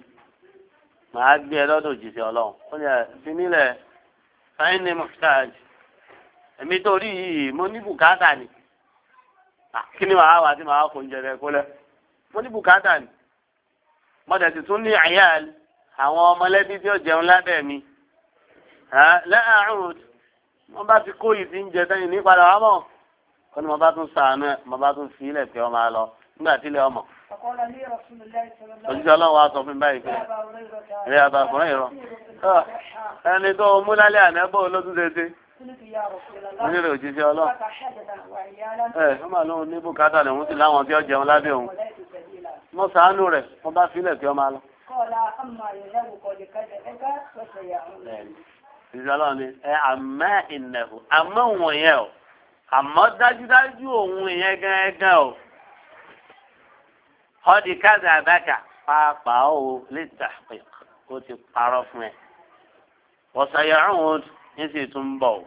màá gbé ẹ lọ́dọ̀ òjìṣẹ́ ọlọ́run ó ní ẹ̀ sí nílẹ̀ fáínì mọ́sáàjì èmi tó rí yìí mo ní bùkátà ni kí ni màá wà tí màá kò ń jẹrẹ kó lẹ mo ní bùkátà ni mo dẹ̀ sì tún ní àyà àwọn ọmọlẹ́bí tí ó jẹun lábẹ́ mi lẹ́hàrún wọ́n bá ti kó ìdí ń jẹ sẹ́yìn nípadà wà mọ̀ kọ́ni mo bá tún sàánú ẹ̀ mo bá tún fi ilẹ̀ tí wọ́n máa lọ nígbà tí ilẹ̀ ọmọ. Òjíṣẹ́ ọlọ́run wa sọ fún mi báyìí pé ẹ̀rẹ́ àbàkùnrin ìrọ̀ ẹni tó mú lálẹ́ àná bó ló tún onírè òjíṣẹ́ ọlọ́run ẹ̀ fún màá lóun ní bùkátà lòun sì láwọn tí ó jẹun lábẹ́ òun mo sàánú rẹ̀ mo bá sílẹ̀ kí ọ máa lọ. òjíṣẹ́ ọlọ́run ni ẹ àmọ́ ìnẹ̀hù àmọ́ òun yẹn o àmọ́ dájúdájú pàápàá o lè dà pé ti parọ́ fún ẹ. ọ̀sẹ̀ yẹn نسي تنبو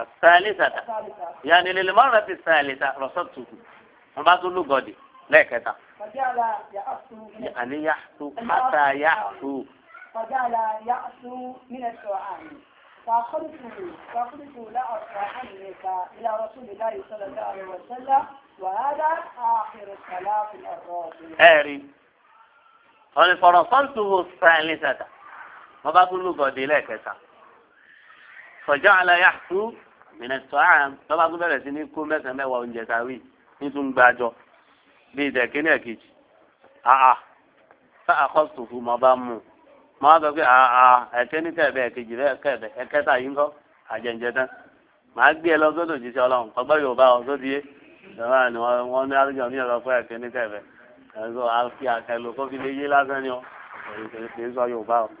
الثالثة يعني للمرة الثالثة رصدته وما تقول له قدي لا كتا يعني يحسو حتى يحسو فجعل يحسو من الشعان فأخذته فأخذته لا أرفع عنك إلى رسول الله صلى الله عليه وسلم وهذا آخر الكلام الراجل. أري. قال فرصلته الثالثة. wọ́n bá tún lùgọ̀ dé lẹ́ẹ̀kẹta fọjọ́ aláya tú mìnẹ̀tọ́ àrùn wọ́n bá tún bẹ̀rẹ̀ sí ní kó mẹ́sàn-án mẹ́wàá oúnjẹ tàwí nítún gbàjọ bí ìdẹ̀kíní ẹ̀kejì àà fẹ́ àkọ́sùn fún mọ́ bá mú mọ́ wá sọ pé àà ẹ̀kíní kẹ̀bẹ̀ ẹ̀kejì kẹ̀bẹ̀ ẹ̀kẹta yìí ń kọ́ àjẹ̀ǹjẹ̀ tán màá gbé ẹ lọ sódò jíṣẹ́ ọlọ́run ọgbọ́n yorùbá ọ sódì yé ìjọba ni wọ́n ní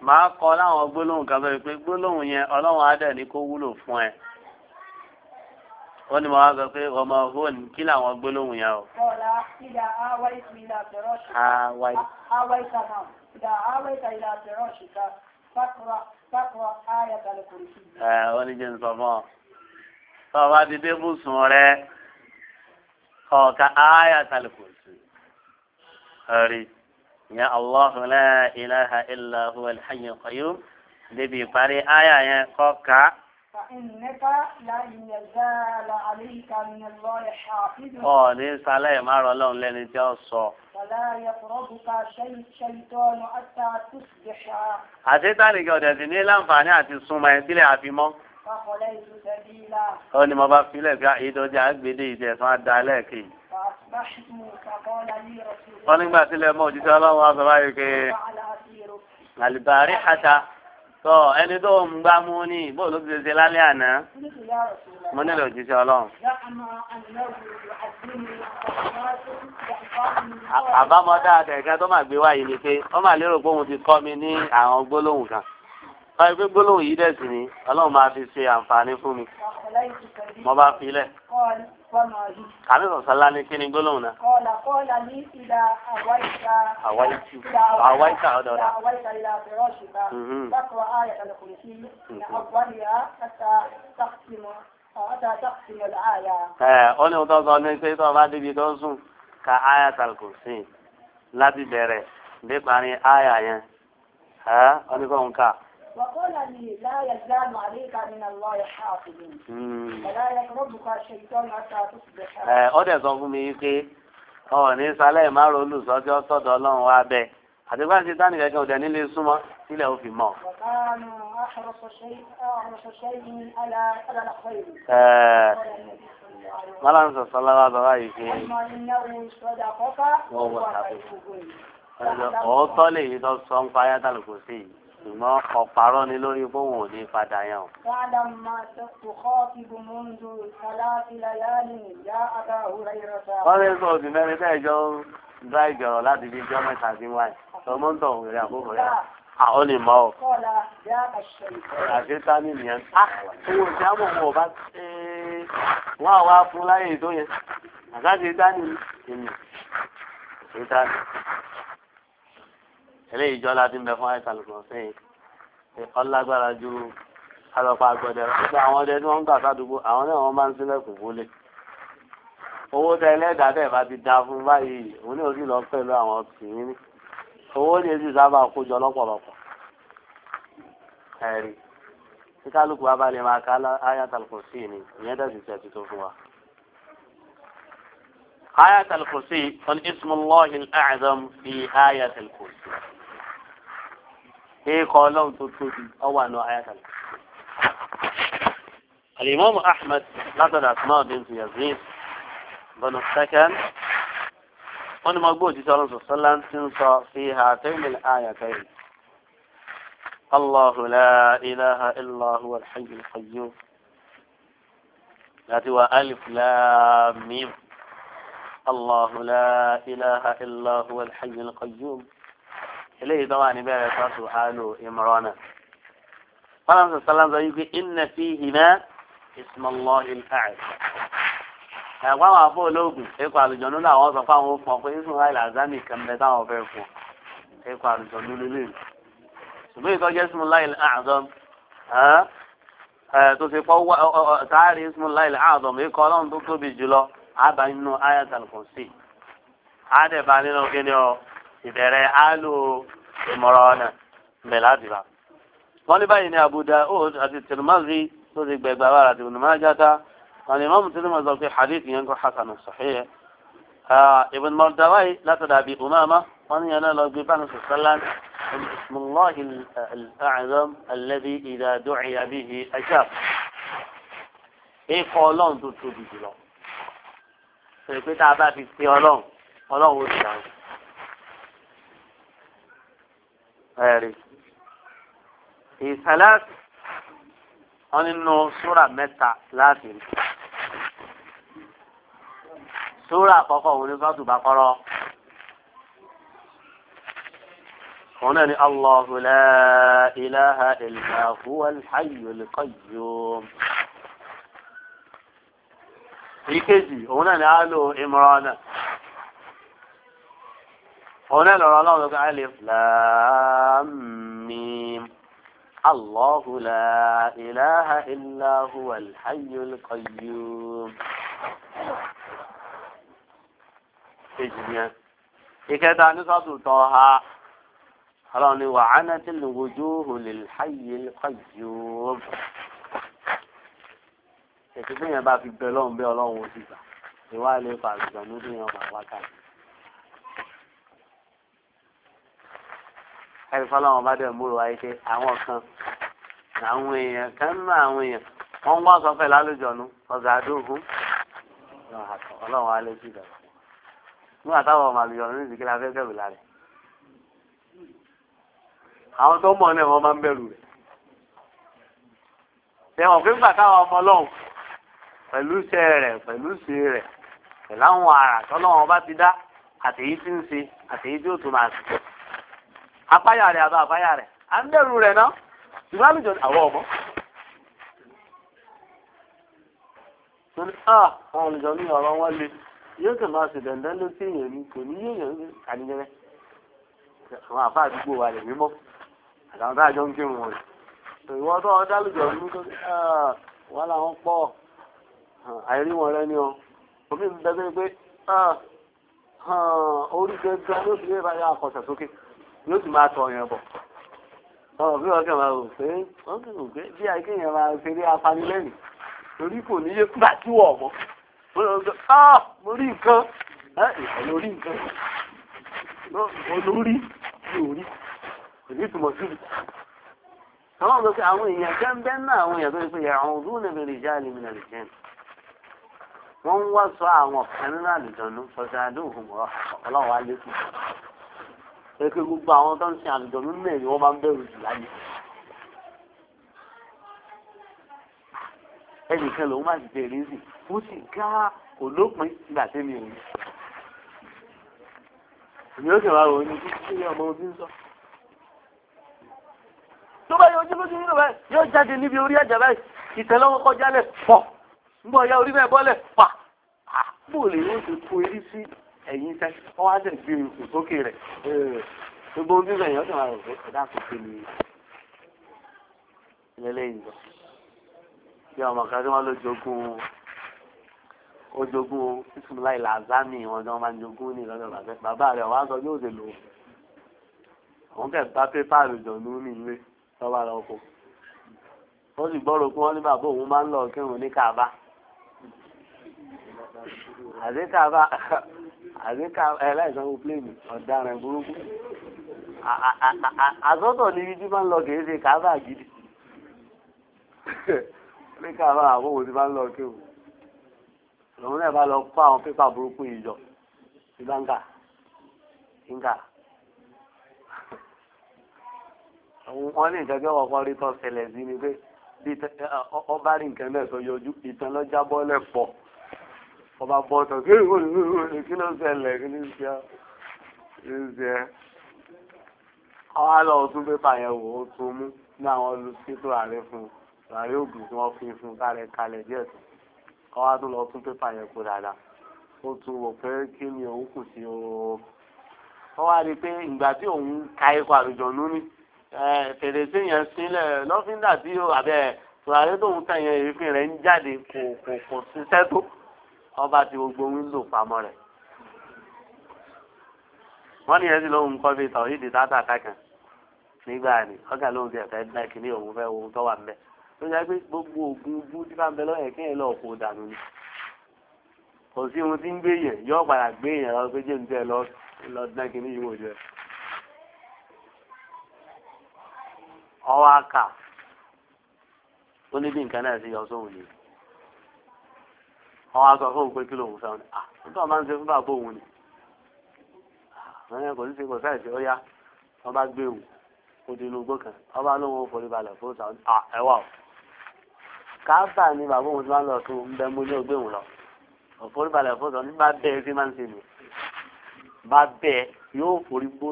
máa kọ láwọn gbólóhùn kan bẹ́ẹ̀ pé gbólóhùn yẹn ọlọ́run adẹ̀ ní kó wúlò fún ẹ. ó ní mo wá sọ pé ọmọ hóun kí làwọn gbólóhùn yẹn o. kọ́lá ìdá àwa ìsìn ìlà àtẹ̀rọ̀ṣì. àwa àwa ìta náà ìdá àwa ìta ìlà àtẹ̀rọ̀ṣì ká fàkùrọ̀ fàkùrọ̀ àyà kalẹ̀ ó ní jẹ́ nsọ mọ́ tó o bá ti dé bùsùn rẹ kọ̀ọ̀ka àyà kalẹ̀ kò sí ìyẹn Allahu la ilaha illa huwa al-hayyul qayyum débi ìparí àyà yẹn kọ́ ká. Ọ̀ ní sálẹ̀ ìmárọ̀ lọ́hùn lẹ́ni tí ó sọ. Àti tánìkẹ́ ọ̀dẹ̀ sí ní láǹfààní àti súnmọ́ ẹ sílẹ̀ àfimọ́. Ó ní mo bá filẹ̀ fi àyè tó jẹ́ àgbèdè ìjẹ̀sán adalẹ́ kejì wọ́n nígbà sílẹ̀ mọ́ òjíṣẹ́ ọlọ́run wa sọ báyìí pé àlìbárí àṣà tọ ẹni tó ń gbá mú ní bó ló ti ṣe lálẹ́ àná mo nílò òjíṣẹ́ ọlọ́run. àbámọ́ dáadáa ẹ̀ka tó máa gbé wáyé ni pé wọ́n máa lérò pé òun ti kọ́ mi ní àwọn gbólóhùn kan báyìí pé gbólóhùn yìí dẹ̀ sí ni ọlọ́run máa fi ṣe àǹfààní fún mi mo bá filẹ̀ kàmí sọ̀sálá ní kí ni gbólóhùn náà. kọ́ọ̀là kọ́ọ̀là ní ìlà àwáìta. àwáìtú àwáìta ọ̀dọ̀ rẹ̀. àwáìta ìlà àbẹ̀rọ̀ ṣùgbà. bákan á yàtọ̀ lọ́kùn sí mm-hmm. ìlà àwáìyá kàtà tàkìmọ̀ kàtà tàkìmọ̀ láàyà. ẹ ó ní ọtọ́ sọ ní pé tó o bá débi tó ń sùn ka áyà tàlùkù sí i láti bẹ̀rẹ̀ nípa ní áyà yẹn. ẹ ó ní kó ń kà. وقال لي لا يزال عليك من الله حافظ ولا hmm. يقربك الشيطان حتى تصبح ó dẹ̀ sọ fún mi pé ọ ní sálẹ̀ má ronú sọ́jọ́ sọ́dọ̀ ọlọ́run wá bẹ́ẹ̀ àti bá ń ṣe dání kankan òdẹ nílé súnmọ́ sílẹ̀ ó fi mọ̀. mọ́lá ń sọ sọ́lá wa bàbá yìí pé ọ̀ọ́tọ́ lè yí tó sọ ń pa ayátàlùkù sí yìí ṣùgbọ́n ọ̀parọ́ ni lórí bóun ò ní padà yẹn Wọ́n lè sọ mẹ́rin tẹ́ ìjọ ń dá láti fi jọ́ mẹ́ta sí wáyé. Tọmọ ń tọ̀hún rẹ̀ àkókò rẹ̀. Àwọn lè mọ ọ. Àṣetá ní nìyẹn. Owó ìjà mọ̀ wọn bá ṣe wọ́n àwa fún láyé ìtó yẹn. Àṣàṣetá ní èmi. Àṣetá ní eléyìí jọ láti ń bẹ fún àìsàn lùkọ̀ sẹ́yìn ọlágbára ju alọ́pàá gbọ́dẹ̀ rẹ̀ àwọn ọdẹ tí wọ́n ń gbà sádùúgbò àwọn náà wọ́n máa ń sílẹ̀kùn wọlé owó tẹ ẹlẹ́dàá tẹ̀ bá ti da fún báyìí òun ní òsì lọ pẹ̀lú àwọn tìyín ní owó ní èsì sábà kójọ lọ́pọ̀lọpọ̀ ẹ̀rí tí kálukú abalẹ̀ máa ká áyàtàlùkọ̀ sí ni ìyẹn tẹ̀sí tẹ̀sí tó fún wa. آية الكرسي فالاسم الله الأعظم في آية الكرسي هي إيه قولون تتوتي أول آية الكرسي الإمام أحمد نظر أسماء بنت يزيد بن السكن وأن مقبول صلى الله عليه وسلم تنصى في هاتين الآيتين الله لا إله إلا هو الحي القيوم ذات وألف لام ميم الله لا إله إلا هو الحي القيوم إليه طبعا بارك سبحانه إمرانا قال صلى الله عليه وسلم إن فيهما اسم الله الأعلى ẹ̀gbọ́n àwọn afọ olóògùn ẹ̀kọ́ àlùjọ̀nú náà wọ́n sọ fún àwọn òfin ọ̀pẹ israẹli azami kẹ̀mbẹ́ táwọn fẹ́ fún ẹ̀kọ́ àlùjọ̀nú lélẹ̀ ṣùgbọ́n ìtọ́jú ismulail azam tó ṣe pọ́ sáárì ismulail azam ẹ̀kọ́ ọlọ́run tó tóbi jùlọ àbá nínú ayatul kursi àdẹ̀bá nínú kíni ọ ìbẹ̀rẹ̀ àlò ìmọ̀ràn ọ̀nà bẹ̀rẹ̀ láti bá. wọ́n ní báyìí ní Abu Daud àti Tirmidhi tó ti gbẹ̀gbẹ̀ wàrà àti Ibn Majah ta wọn ni mọ́mù Tirmidhi sọ pé hadith yẹn kọ́ hasan sahih Ibn Mardawai látọ̀dà Umama wọ́n ní yẹn lọ gbé bánu sọ̀sálán بسم الله الأعظم الذي إذا دعي به أجاب. إيه قولون تتوبي sọ pé tá a bá fi pe ọlọ́run ọlọ́run ó sàn ẹ̀rí ìsàlẹ̀ wọn nínú súrà mẹ́ta láti rí súrà àkọ́kọ́ òun ní sọ́tù bá kọ́rọ́ òun náà ni Allahu la ilaha illa huwa al ìkejì òun náà ni a lò Imran òun náà lọ́rọ̀ ọlọ́run lọ́kọ̀ alif lam mim Allahu la ilaha illa huwa al-hayyul qayyum ìkẹta ní sọ́tù tọ́ ha ọlọ́run ni wàhánà tí lùwòjú hùlẹ̀ al-hayyul qayyum èsì tó yẹn bá fi bẹ lọ́hùn bẹ́ẹ̀ ọlọ́run ó sì gbà ìwà lè fa àgbẹ̀nú tó yẹn máa wá káàkiri. ẹ̀rí fọlọ́run bá dẹ̀ múrò wáyé pé àwọn kan àwọn èèyàn kan nínú àwọn èèyàn wọ́n wá sọ fẹ́ lálùjọ̀nù ọ̀gá àdóhùn ọlọ́run á lé sí ìdàgbà. nígbà táwọn ọmọ àlùjọ̀nù ní ìdíkẹ́lá fẹ́ bẹ̀rù lára àwọn tó mọ̀ náà wọ́n máa ń bẹ̀rù rẹ̀. ṣé wọn fi ń gbà táwọn ọmọ ọlọ́run pẹ̀lú iṣẹ́ rẹ̀ pẹ̀lú ṣe rẹ̀ pẹ̀lú àwọn àrà tọ́lọ́wọ́n bá ti dá àtẹ̀yí tí ń ṣe àtẹ̀yí tí ó tún máa ṣe. apáyà rẹ̀ àbá àbáyà rẹ̀ à ń bẹ̀rù rẹ̀ ná ṣùgbọ́n àlùjọ àwọn ọmọ. torí ah àwọn àlùjọ ní ọ̀rọ̀ wọn le yóò kàn máa ṣe dandan ló sí èèyàn mi àdúgbò wa lè mímọ́ àtàwọn tá a jọ ń kírun wọn. ìwọ́n tó ọ dálùjọ ní wọn làwọn pọ̀ àìrí wọn rẹ ni ọ omi ń bẹ́ẹ̀ pé orí gẹ́gẹ́ ló fi lè bá yá akọ̀ṣà sókè yóò sì máa tọ ọ̀yàn bọ̀ ọ̀rọ̀ bí ọ̀kẹ́ máa rò pé wọ́n sì rò pé bí àìké yẹn máa ṣe rí apanilẹ́yìn torí kò ní yé kúrà tí wọ̀ mọ́ mo rò pé mo rí nǹkan lórí nǹkan olórí lórí ìdí ìtumọ̀ síbi àwọn ọ̀dọ́ pé àwọn èèyàn kẹ́ ń bẹ́ náà àwọn èèyàn tó ń pè é àwọn òdúnà bẹ̀rẹ̀ ìjà àlèmínà lè jẹun wọ́n ń wá sọ àwọn kan nínú àlùjọ̀nù sọ̀tẹ̀ àdóhùn ọlọ́run wa lékún pé gbogbo àwọn tó ń sin àlùjọ̀nù mẹ́rin wọ́n máa ń bẹ̀rù jù láyé ẹnìkan lòun máa ti bèrè sí ó sì gá kò lópin ìgbà tẹ́mi òun èmi ó sì máa rò ní títí ọmọ ojú ń sọ tó bá yọ ojú lójú nínú rẹ yóò jáde níbi orí ẹ̀jẹ̀ báyìí ìtẹ̀lọ́wọ́ kọjá lẹ̀ pọ̀ nbọ ya orí bẹ́ẹ̀ bọ́lẹ̀ fà á lè yóò ti kó eré sí ẹ̀yìn tẹ́ wọ́n wá tẹ̀ gbé oṣù rẹ̀ gbogbo bí bẹ́ẹ̀ yọ̀ọ́ tẹ̀wá rẹ̀ pé ẹ̀dá kò pé ní lẹ́lẹ́yìn lọ bí ọmọ kan tí wọ́n lọ jogún ojogún ismail azami wọn ni wọ́n máa jogún ní ìlọ́dọ̀ bàbá rẹ̀ wọ́n á sọ yóò ṣe lò wọ́n kẹ̀ bá pépà rẹ̀ jọ̀ ní ilé lọ́ba lọ́kọ̀ wọ́n sì gbọ́rọ̀ àdékà bá àdékà ẹlẹ́sàn-án pléèmù ọ̀daràn burúkú àsọ́tọ̀ ní ibi tí máa ń lọ kìí ṣe kàáfà gidi ní kàáfà àbọ̀wò tí máa ń lọ kéwù lòun náà bá lọ kó àwọn pépà burúkú yìí jọ sí báńkà nǹkan wọ́n ní nǹkan kí wọ́n kọ́ rí tọ́ ṣẹlẹ̀ sí ni pé ọba rí nǹkan náà sọ yọjú ìtàn lọ́jábọ́ lẹ́pọ̀ ọba bọ́tọ̀ kí ló ń kí ló ń ṣẹlẹ̀ kí ló ń ṣe kí ló ń ṣe ẹ́. àwọn alọ́ ọ̀tún pépà yẹn wò ó tún mú ní àwọn olùsítò ààrẹ fún ààrẹ ògùn tí wọ́n fi fún kálẹ̀ kalẹ̀ díẹ̀ tó àwọn àtún lọ tún pépà yẹn kó dáadáa ó tún wò pé kí ni òun kù sí o. wọ́n wá rí ọba ti gbogbo windo pamọ́ rẹ̀ wọ́n ní ẹsìn lóhun kọ́ bíi tọ̀hí di tata kankan nígbà ni ọ̀gá lóhun ti ẹ̀fẹ́ gbá kínní òun fẹ́ ohun tó wà ń bẹ̀ tó yẹ pé gbogbo oògùn ojú tí bá ń bẹ lọ́yẹ̀ kí ẹ̀ lọ́ọ̀ kó dànù ni kò sí ohun tí ń gbé yẹn yọ padà gbé yẹn lọ pé jẹ́ ní tẹ́ lọ lọ dán kínní yìí wò jẹ́ ọwọ́ àkà ó ní bí nǹkan náà ṣe yọ sóhun nìyí àwọn aṣọ fóun pé kí lòun fẹ́ràn ah nígbà máa ń ṣe fún bàbá òun ni àwọn ẹ̀kọ́ ṣíṣe kò sáì sí ó wọ́n bá gbé òun ó di wọ́n bá lóun ó forí balẹ̀ fún sàún ah ẹ káàbà ni bàbá òun ti máa ń lọ tó ń bẹ ní ògbé òun lọ òforí balẹ̀ fún sàún bá bẹ́ẹ̀ sí máa ń ṣe nù bá bẹ́ẹ̀ yóò forí bó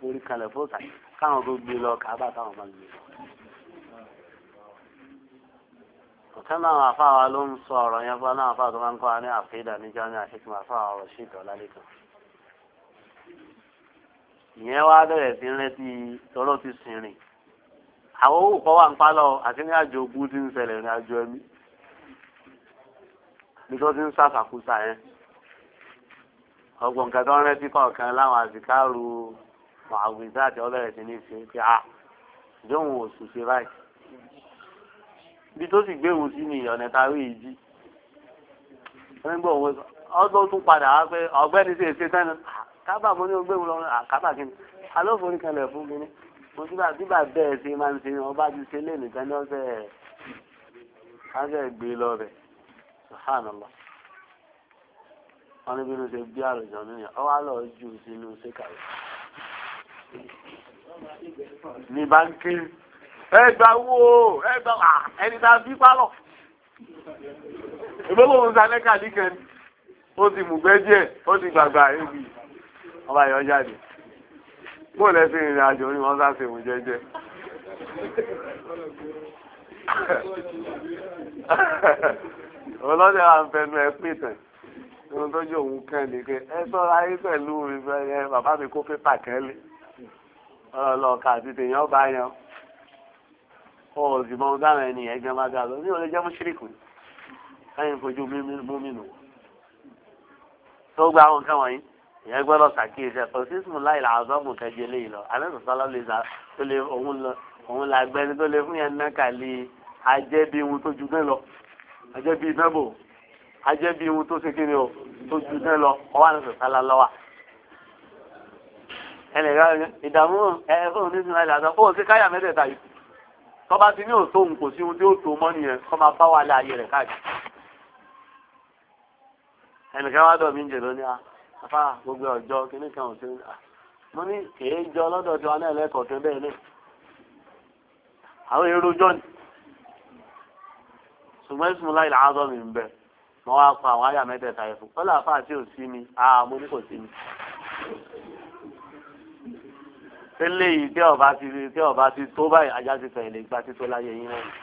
forí kalẹ̀ fún sàún káwọn tó gbé lọ káàbà káwọn máa gbé lọ ọ̀kan náà àfa wa ló ń sọ ọ̀rọ̀ yẹn fún náà àfa tó máa ń kọ́ ní àfíìdà ní jọ́ní àṣìkùn àfa ọ̀rọ̀ sí ìtọ́lá lẹ́kọ̀ọ́. ìyẹn wá bẹ̀rẹ̀ sí rántí tọ́lọ́ ti sìn rìn àwọn owó kọ́ wà ń pálọ̀ àti ní àjò ogún ti ń ṣẹlẹ̀ ní àjò ẹ̀mí bí tó ti ń sàfàkúsà yẹn ọgbọ̀n nǹkan tó ń rántí kọ̀ọ̀kan láwọn àzìkárù màwùzá àti ọbẹ̀rẹ̀ sí ní ṣe pé à dóhùn òṣùṣe báyìí ibi tó sì gbé òun sí ni ọ̀nà táwé yìí jí nígbà òun ọdún tún padà wá pé ọ̀gbẹ́ni sì ṣe sẹ́nu kábà mo ní o gbé òun lọ́rùn àkábà kí ni alóforí kan lẹ̀ fún mi ní mo sì bá bíbà bẹ́ẹ̀ ṣe máa ń ṣe ni ọba ti ṣe lé nìkan ní ọ̀sẹ̀ gbé e lọ rẹ̀ subhanallah wọn ní bí ló ṣe bí àròjọ nìyẹn ọwọ́ àlọ́ jù sínú ṣékàwé ní báńkì ẹgbà wo ẹgbà ẹni tá bí pálọ̀ ìgbógbò ń sanẹ́kà líkẹ́ ni ó ti mú bẹ́ díẹ̀ ó ti gbàgbà ebi ọba ìyọ́ jáde bóò lẹ́sìn ìrìn àjò ní wọ́n sá sèwò jẹ́jẹ́ ọlọ́dẹ wa ń fẹnu ẹ pìtàn ohun tó jẹ́ òun kẹ́ ni pé ẹ sọ́ra ayé pẹ̀lú bàbá mi kó pépà kẹ́lé ọlọ́ọ̀ka àti tèèyàn bá yan ọ sì mọ ohun táwọn ẹni yẹn gan máa ga lọ ní òun jẹ́ mọ́ṣíríkù káyìn fojú mú mi nù. tó gba àwọn nǹkan wọ̀nyí ìyẹn gbọ́dọ̀ ṣàkíyèsí ẹ̀fọ́ sísùn láì làásọ́mù kẹjẹ léyìí lọ alẹ́sùn sọ́lá lè sá tó lè òun lọ òun là gbẹni tó lè fún yẹn náà kàlí ajẹ́ bí ohun tó ju náà lọ ajẹ́ bí náà bò ajẹ́ bí ohun tó ṣe kí ni o tó ju náà lọ ọwọ́ tọ́ba ti ní òtó òun kò sí ohun tí ó tó mọ́ nìyẹn kọ́ máa bá wà láàyè rẹ̀ káàkiri ẹnìkan wá dọ̀ mí jè lónìí à ah, afá gbogbo ọjọ́ kìíní kan ò sí ní à ah, mo ní kèé jọ lọ́dọ̀ tí wọn náà lẹ́kọ̀ọ́ tó bẹ́ẹ̀ lé àwọn èrò jọ ni ṣùgbọ́n ìsúnmọ́ láì làásọ̀ mi ń bẹ wọ́n wá pa àwọn àyà mẹ́tẹ̀ẹ̀ta ẹ̀fọ́ kọ́lá afá àti òsì mi àà ah, mo ní kò sí mi tẹ́lẹ̀ yìí tí ọba ti tí ọba ti tó báyìí ajá ti fẹ̀yìn lè gba tító láyé yín lẹ́yìn.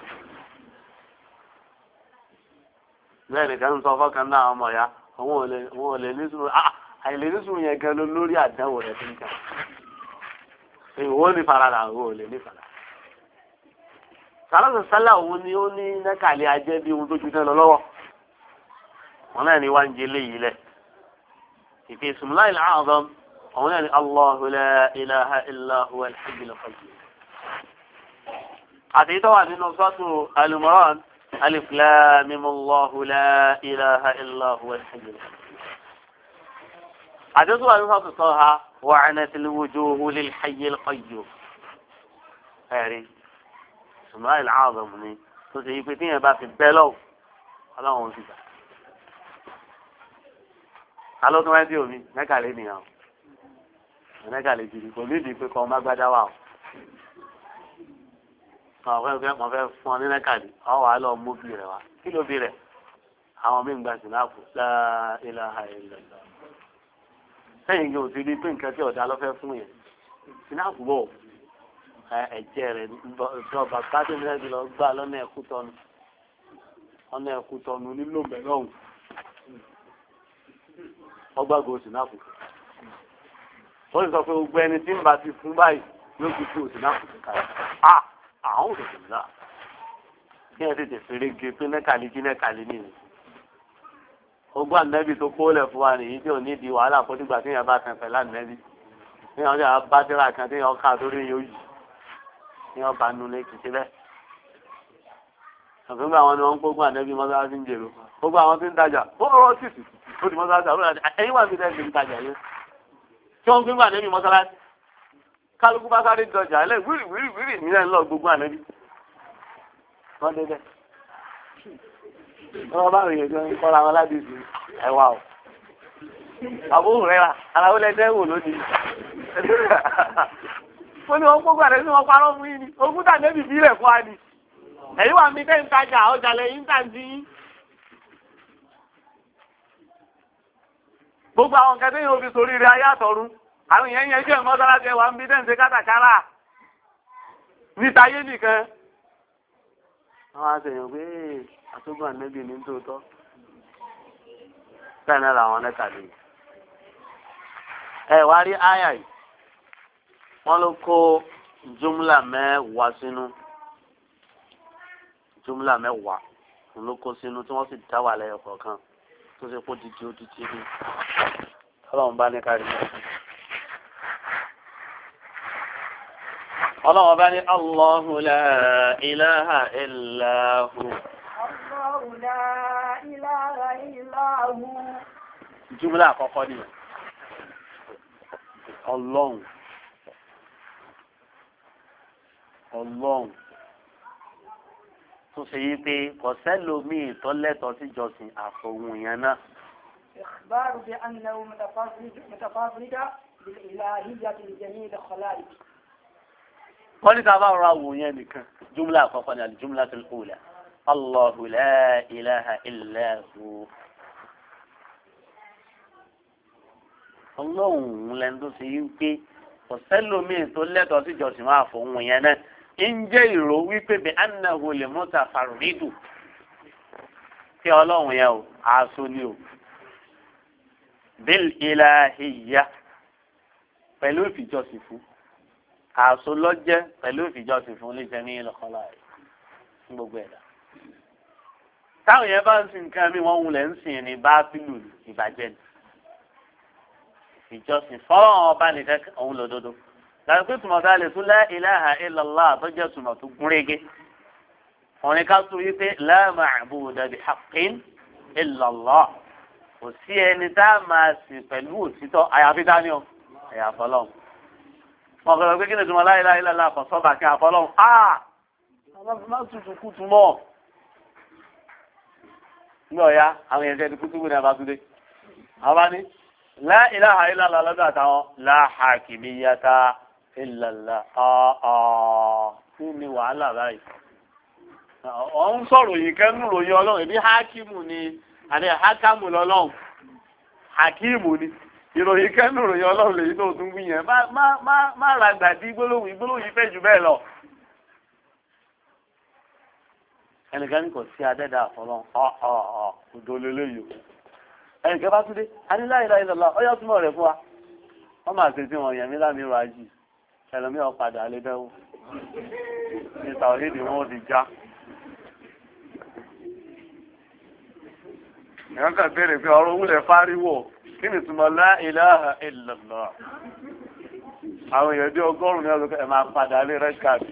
bẹ́ẹ̀ nìkan ń sọ fọ́kàn náà ọmọ ya òun ò lè òun ò lè ní sùúrù ah àìlè ní sùúrù yẹn gan ló lórí àdánwò rẹ̀ tó ń jà. ìwọ ní farada òun ò lè ní farada. sàlọ́sọ̀ sálà òun ni ó ní nẹ́kàlẹ́ ajẹ́ bí ohun tó ju tẹ́ lọ́wọ́. wọn náà ní wá ń jẹ léyìí lẹ̀ ìfẹ̀sùn láì òun náà ni Allahu la ilaha illa huwa al-hayyul qayyum. àti tó wà nínú sọ́tù Al-Imran alif lam mim Allahu la ilaha illa huwa al-hayyul qayyum. àti tó wà nínú sọ́tù Taha wa'anatil wujuhu lil-hayyil qayyum. ni tó ṣe ipe tí yẹn bá fi bẹ́ lọ́wọ́ ọlọ́run ti gbà. ta ló tún wáyé mẹ́kàlẹ́ nìyàwó ìrẹ́gà lè jìnnì kò ní ìdí pé kọ́ ọmọ agbádá wà ó mọ̀ fẹ́ fún ọ ní rẹ́gà ni ọ wà á lọ mú bí rẹ̀ wá kí ló bí rẹ̀ àwọn míì ń gba sinapu láìláha ìlàlá sẹ́yìn yóò ti rí pé nǹkan tí ọ̀dà lọ́fẹ́ fún yẹn sinapu bọ̀ ẹ̀jẹ̀ rẹ̀ dọ̀bà káṣíńtẹ́ẹ̀dì lọ gbà lọ́nà ẹ̀kú tọ́nu ọ̀nà ẹ̀kú tọ́nu nílò mẹ́lọ́hùn ọgbàgbọ́ sinapu ó sì sọ pé gbogbo ẹni tí ń bá ti fún báyìí ló ti kú òsì náà kò sí káyà á àwọn òṣèlú náà kí ẹ tètè fèrè ge pé nẹ́kàlí jí nẹ́kàlí nìyí ogún ànẹ́bí tó kólẹ̀ fún wa nìyí tí ò ní di wàhálà fún nígbà tí yẹn bá tẹ̀ fẹ́ lánàẹ́bí tí yẹn bá bá tíra kan tí yẹn ká sórí yóò yìí tí yẹn bá nulẹ̀ kì í ṣe bẹ́ẹ̀ àfihàn ni wọ́n ń gbógun ànẹ́bí mọ́sáláṣí ń jèrò gbogbo àwọn tí ń tajà ó rọ́ títì ó di mọ́sáláṣí àbúrò àti ẹ̀yìn wà ní tí wọ́n ń gbégbá ànẹ́bí mọ́sálásí kálukú bá sáré dọjà ẹlẹ́ wíìrì nílẹ̀ lọ gbogbo ànẹ́bí wọ́n dédé bẹ́ẹ̀ bá rèé gan kọ́ra wọn ládìsí ẹ̀wà o àbúrò rẹ̀ rà ara ó lẹ́dẹ́ wò lónìí wọ́n ní wọ́n gbogbo ànẹ́bí wọn parọ́ fún yín ni fún wa ni wà mí tẹ́ gbogbo àwọn nǹkan tẹ́yìn òfin sórí rẹ̀ ayé àtọ̀run àwọn èèyàn yẹn jẹ́ mọ́sálásí ẹwà ń bí dẹ́ǹsẹ̀ kátàkárà níta ayé nìkan. àwọn àṣeyàn pé àtúgbọ̀n níbi ní tòótọ́ bẹ́ẹ̀ náà làwọn nẹ́kàlẹ́ yìí. ẹ wá rí àyà yìí wọ́n ló kó jumla mẹ́wàá sínú jumla mẹ́wàá ló kó sínú tí wọ́n sì dáwà lẹ́yọ̀ kọ̀ọ̀kan tó ṣe kó didi odidi ni ọlọ́run bá ní kárí mọ́. ọlọ́run bá ní Allahu la ilaha illa hu. Allahu la àkọ́kọ́ nìyẹn ọlọ́run ọlọ́run tó ṣe yí pé kọ̀sẹ́lòmíì tó lẹ́tọ̀ọ́ sí jọsìn àfọ̀hún yẹn náà. ìbáàrù bí annáwó mẹ́tàfáfíríkà ìlàhíyàtì ìjẹ̀yìn ìdàkọ̀láì. wọ́n ní ká bá ọ̀rọ̀ àwò yẹn nìkan jumla àkọ́kọ́ ni àlùjumla tó kù la allahu la ilaha illa hu. ọlọ́run lẹ́nu tó ṣe yí pé kọ̀sẹ́lòmíì tó lẹ́tọ̀ọ́ sí jọsìn máa fọ̀hún náà ń jẹ́ ìró wípé bí annahu lè mọ́ta farumidu tí ọlọ́run yẹn o aṣọ ni o bil ilahiyya pẹ̀lú ìfìjọsìn fún aṣọ lọ́jẹ́ pẹ̀lú ìfìjọsìn fún oníṣẹ́ ní ìlọ́kọ́lá rẹ̀ ní gbogbo ẹ̀dá. táwọn yẹn bá ń sin nǹkan mi wọ́n wulẹ̀ ń sìn ní báàpìlù ìbàjẹ́ ni ìfìjọsìn fọ́ọ̀rọ̀ ọba nìkan òun lòdodo tàbí tùmọ̀ tá a lè tún la ilaha illallah tó jẹ́ tùmọ̀ tó gúnrégé òun ni ká tún yí pé la ma'buda bihaqqin illallah kò sí ẹni tá a máa sìn pẹ̀lú òtítọ́ àyàfi dání o àyàfi Ọlọ́run wọn kọ̀ pé kí ni tùmọ̀ la ilaha illallah kò sọ́ba kí àfọlọ́hún áà má tutù kùtù mọ́ ní ọ̀yá àwọn ẹ̀jẹ̀ ti kútùbù ní abátúndé àwọn bá ní la ilaha illallah lọ́dọ̀ àtàwọn la hakimiyyata. ìlàlà kí ni wàhálà báyìí ọ ń sọ̀rọ̀ yìí ròyìn ọlọ́run ìbí hákìmù ni àti hákàmù lọ́lọ́run ni ìròyìn ròyìn ọlọ́run lèyí náà tún gbìyàn má ra gbàdí gbólóhùn gbólóhùn jù lọ. ẹnìkan ní kò sí adẹ́dà ẹnìkan bá rẹ̀ fún wa wọ́n máa ṣe tí wọ́n mí lámì ẹlòmí ọ̀padà àlébẹ́wò ní tàwíìdì wọn ti já. ìyọ́n kàn béèrè pé ọ̀rọ̀ òwúlẹ̀ fáríwò kí ni túmọ̀ lá ilaha àwọn èèyàn bí ọgọ́rùn-ún ní ọdún ẹ̀ padà lé red card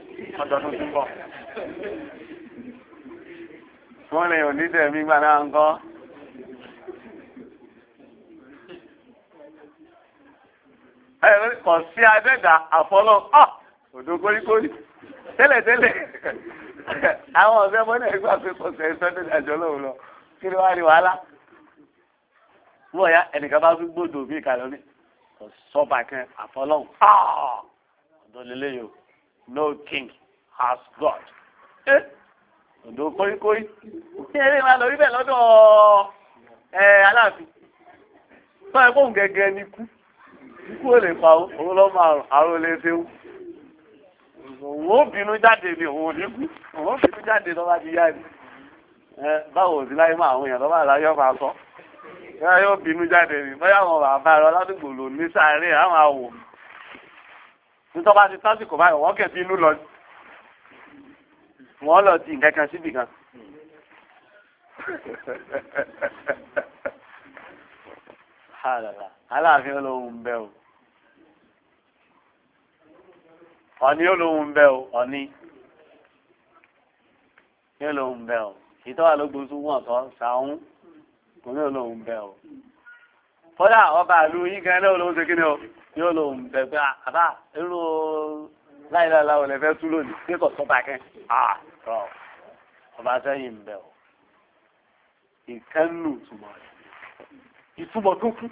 kọ̀ sí adẹ́dà àfọlọ́ ah, òdò kórikórì tẹ́lẹ̀tẹ́lẹ̀ àwọn ọ̀sẹ̀ mọ́nà ẹgbẹ́ àpékọ̀ sẹ́sọ́ tó dájọ́ lọ́wọ́ lọ kí ló wá rí wàhálà. wọ́n ya ẹnìkan bá tún gbódò bí ìkàlọ́ ní kò sọ́ba kan àfọlọ́hùn ah, ọ̀dọ́ lélẹ́yìn o no king has God eh, òdò kórikórì tí eré máa lọ rí bẹ́ẹ̀ lọ́dọ̀ eh, aláàfin tó ẹ fóun gẹ́gẹ́ ní kú ikú ò lè pa òun lọ́mọ àrò lè fi wú. bínú jáde ni òun ò ní bínú jáde lọ́ba ti yá ni. báwo sí láyé mọ àwọn èèyàn lọ́ba àláyé ọ̀fà sọ. bóyá yóò bínú jáde ni bóyá àwọn bàbá rẹ ọládùúgbò lò ní sáré àwọn àwò. nítorí ti tásìkò báyìí wọ́n kẹ̀ bínú lọ. wọ́n lọ ti nǹkan kan síbì kan subhanallah aláàfin olóhùn bẹ́ o ọ̀ní olóhùn bẹ́ o ọ̀ní ní olóhùn bẹ́ o ìtọ́wà ló gbóṣù wọ́n tọ́ sàún kò ní olóhùn bẹ́ o fọ́dà ọba àlú yín gan náà olóhùn ṣe kí ni o ní olóhùn bẹ́ pé àbá irú láìláìlá ò lè fẹ́ tú lónìí pé kò sọ́ba kẹ́ ọba sẹ́yìn bẹ́ o ìkẹ́lù túmọ̀ ìtumọ̀ tó kú.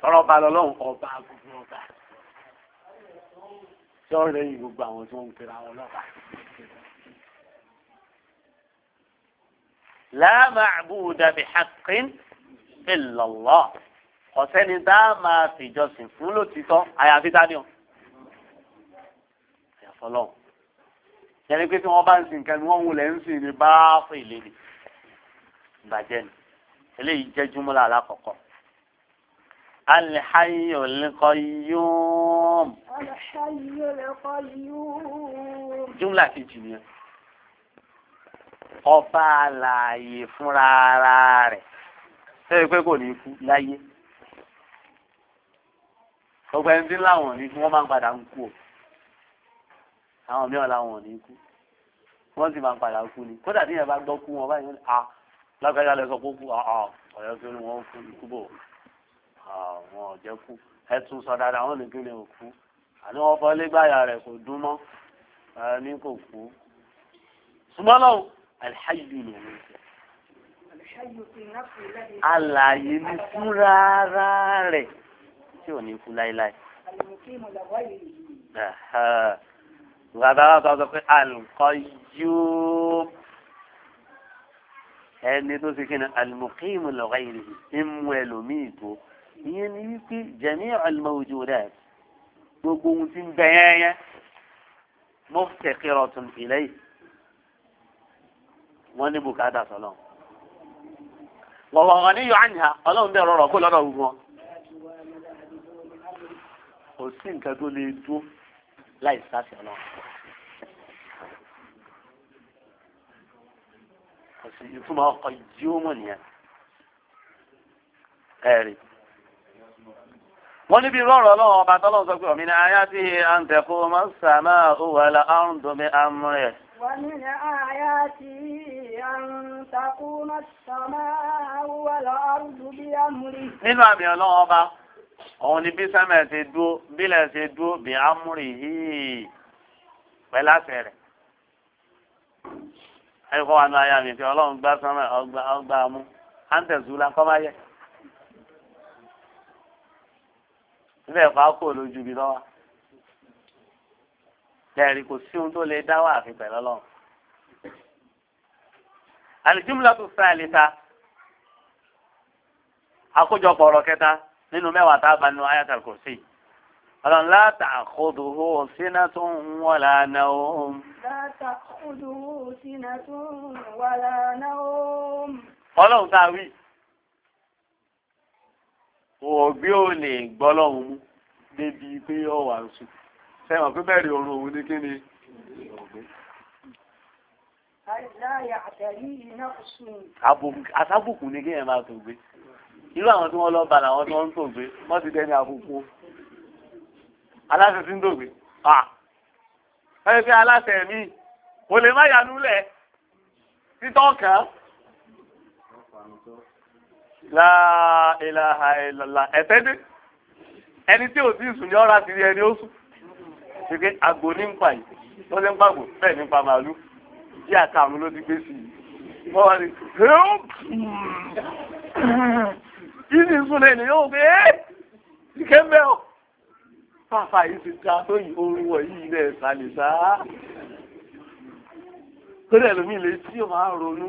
tọrọ ba lọlọrun ọba gbogbo ọba sọ̀rọ̀ yìí gbogbo àwọn tí wọn ń pera wọn lọba. la ma'buda bihaqqin illa Allah ọ̀sẹ́ni tá a máa fìjọsìn fún lòtítọ́ àyàfi tá a yẹni pé tí wọ́n bá ń sin nǹkan ni wọ́n wulẹ̀ ń sin ní báfẹ́ ìlérí ìbàjẹ́ ni eléyìí jẹ́ júmọ́lá alákọ̀ọ́kọ́. الحي القيوم الحي القيوم جملة كجنية ọba àlàyé fúnra ara rẹ̀ ṣé pé kò ní kú láyé gbogbo ẹni tí láwọn ní kú wọ́n máa ń padà ń kú o àwọn mìíràn láwọn ò ní kú wọ́n sì máa ń padà kú ni kódà tí yẹn bá gbọ́ kú wọn báyìí ah lágbájá lọ sọ pé kú ọ̀ọ́ ọ̀yọ́ kí wọ́n kú ikú bò àwọn ọ̀jẹ́ kú ẹ tún sọ dáadáa wọn nìkan lè kú àní wọn fọ lẹ́gbàáyà rẹ̀ kò dún mọ́ ní kò kú. sùmọ́lọ́ alihayu ló ń jẹ. alàyè ní fúnra rẹ̀ tí ò ní kú láéláé. Bàbá wa sọ pé al ẹni tó ṣe kí ni al-Muqim li ghayrihi ẹlòmíì tó ìyẹn ni wípé jamiu al-mawjudat gbogbo ohun tí ń bẹ yẹnyẹn muftaqiratun ilayhi wọ́n ní bùkátà sọlọ wọ̀wọ̀wọ̀ ní yóò ànyà ọlọ́run bẹ̀rẹ̀ ọ̀rọ̀ kó lọ́dọ̀ gbogbo kò sí nǹkan tó lè dún láì sáṣẹ ọlọ́run. kò sí ìtumọ̀ ọkọ̀ jíọ́mọ̀ nìyẹn. ẹ̀rí wọ́n níbi rọ̀rọ̀ ọlọ́run ọba tọ́lọ́ sọ pé ọ̀mí ni ayá tí a ń tẹ̀kọ́ ọmọ sàmà òwò ẹ̀la ọ̀rùn domi amúrẹ̀. wọ́n ní ayá tí a ń tẹ̀kọ́ ọmọ sàmà òwò ẹ̀la ọ̀rùn domi amúrẹ̀. nínú àmì ọlọ́run ọba òun ni bí sẹ́mẹ̀ ti dúó bílẹ̀ ti dúó bí amúrẹ̀ yìí pẹ̀lú rẹ̀. ẹ̀kọ́ wa ní ayá mi fi ọlọ́run gbá sọ́mọ̀ ọgbà mú à ń tẹ̀sùn lá máa yẹ. níbẹ̀ fà á kò lójú ibi lọ́wọ́ tẹ̀rí kò sí ohun tó lè dá wà àfi pẹ̀lú ọlọ́run. àlìjúmùlá tó fẹ́ àlìta àkójọpọ̀ ọ̀rọ̀ kẹta nínú mẹ́wàá tá a bá nu ayatul kursi. ọlọ́run la ta'khuduhu sinatun wala nawm. la ta'khuduhu sinatun wala nawm. ọlọ́run tá a wí òbí ò lè gbọ́ lọ́hùn mú débi pé ó wà ń sùn sẹ́wọ̀n pé bẹ́ẹ̀ rí oorun òun ní kíni àtàbùkù ni kí ẹ máa tó gbé irú àwọn tí wọ́n lọ bá làwọn tí wọ́n ń tó gbé wọ́n ti dẹni àbùkù aláṣẹ tí ń tó gbé ẹ fi aláṣẹ mi kò lè má yanú lẹ̀ títọ́ kan láìláha ìlàlá ẹ̀fẹ́ dé ẹni tí ò sí ìsùn ní ọ̀rá ti rí ẹni ó sùn ṣèké àgbò ní npa yìí wọ́n ti ń pàgò bẹ́ẹ̀ ní npa màálù bí àkàrùn ló ti gbé sí i wọ́n wá ní help yìí sì sùn yóò gbé ẹ́ ṣìkẹ́ mbẹ́ o yìí ti ta tó yìí oorun wọ̀ yìí rẹ̀ sálẹ̀ sá lómi lè tí o máa ronú.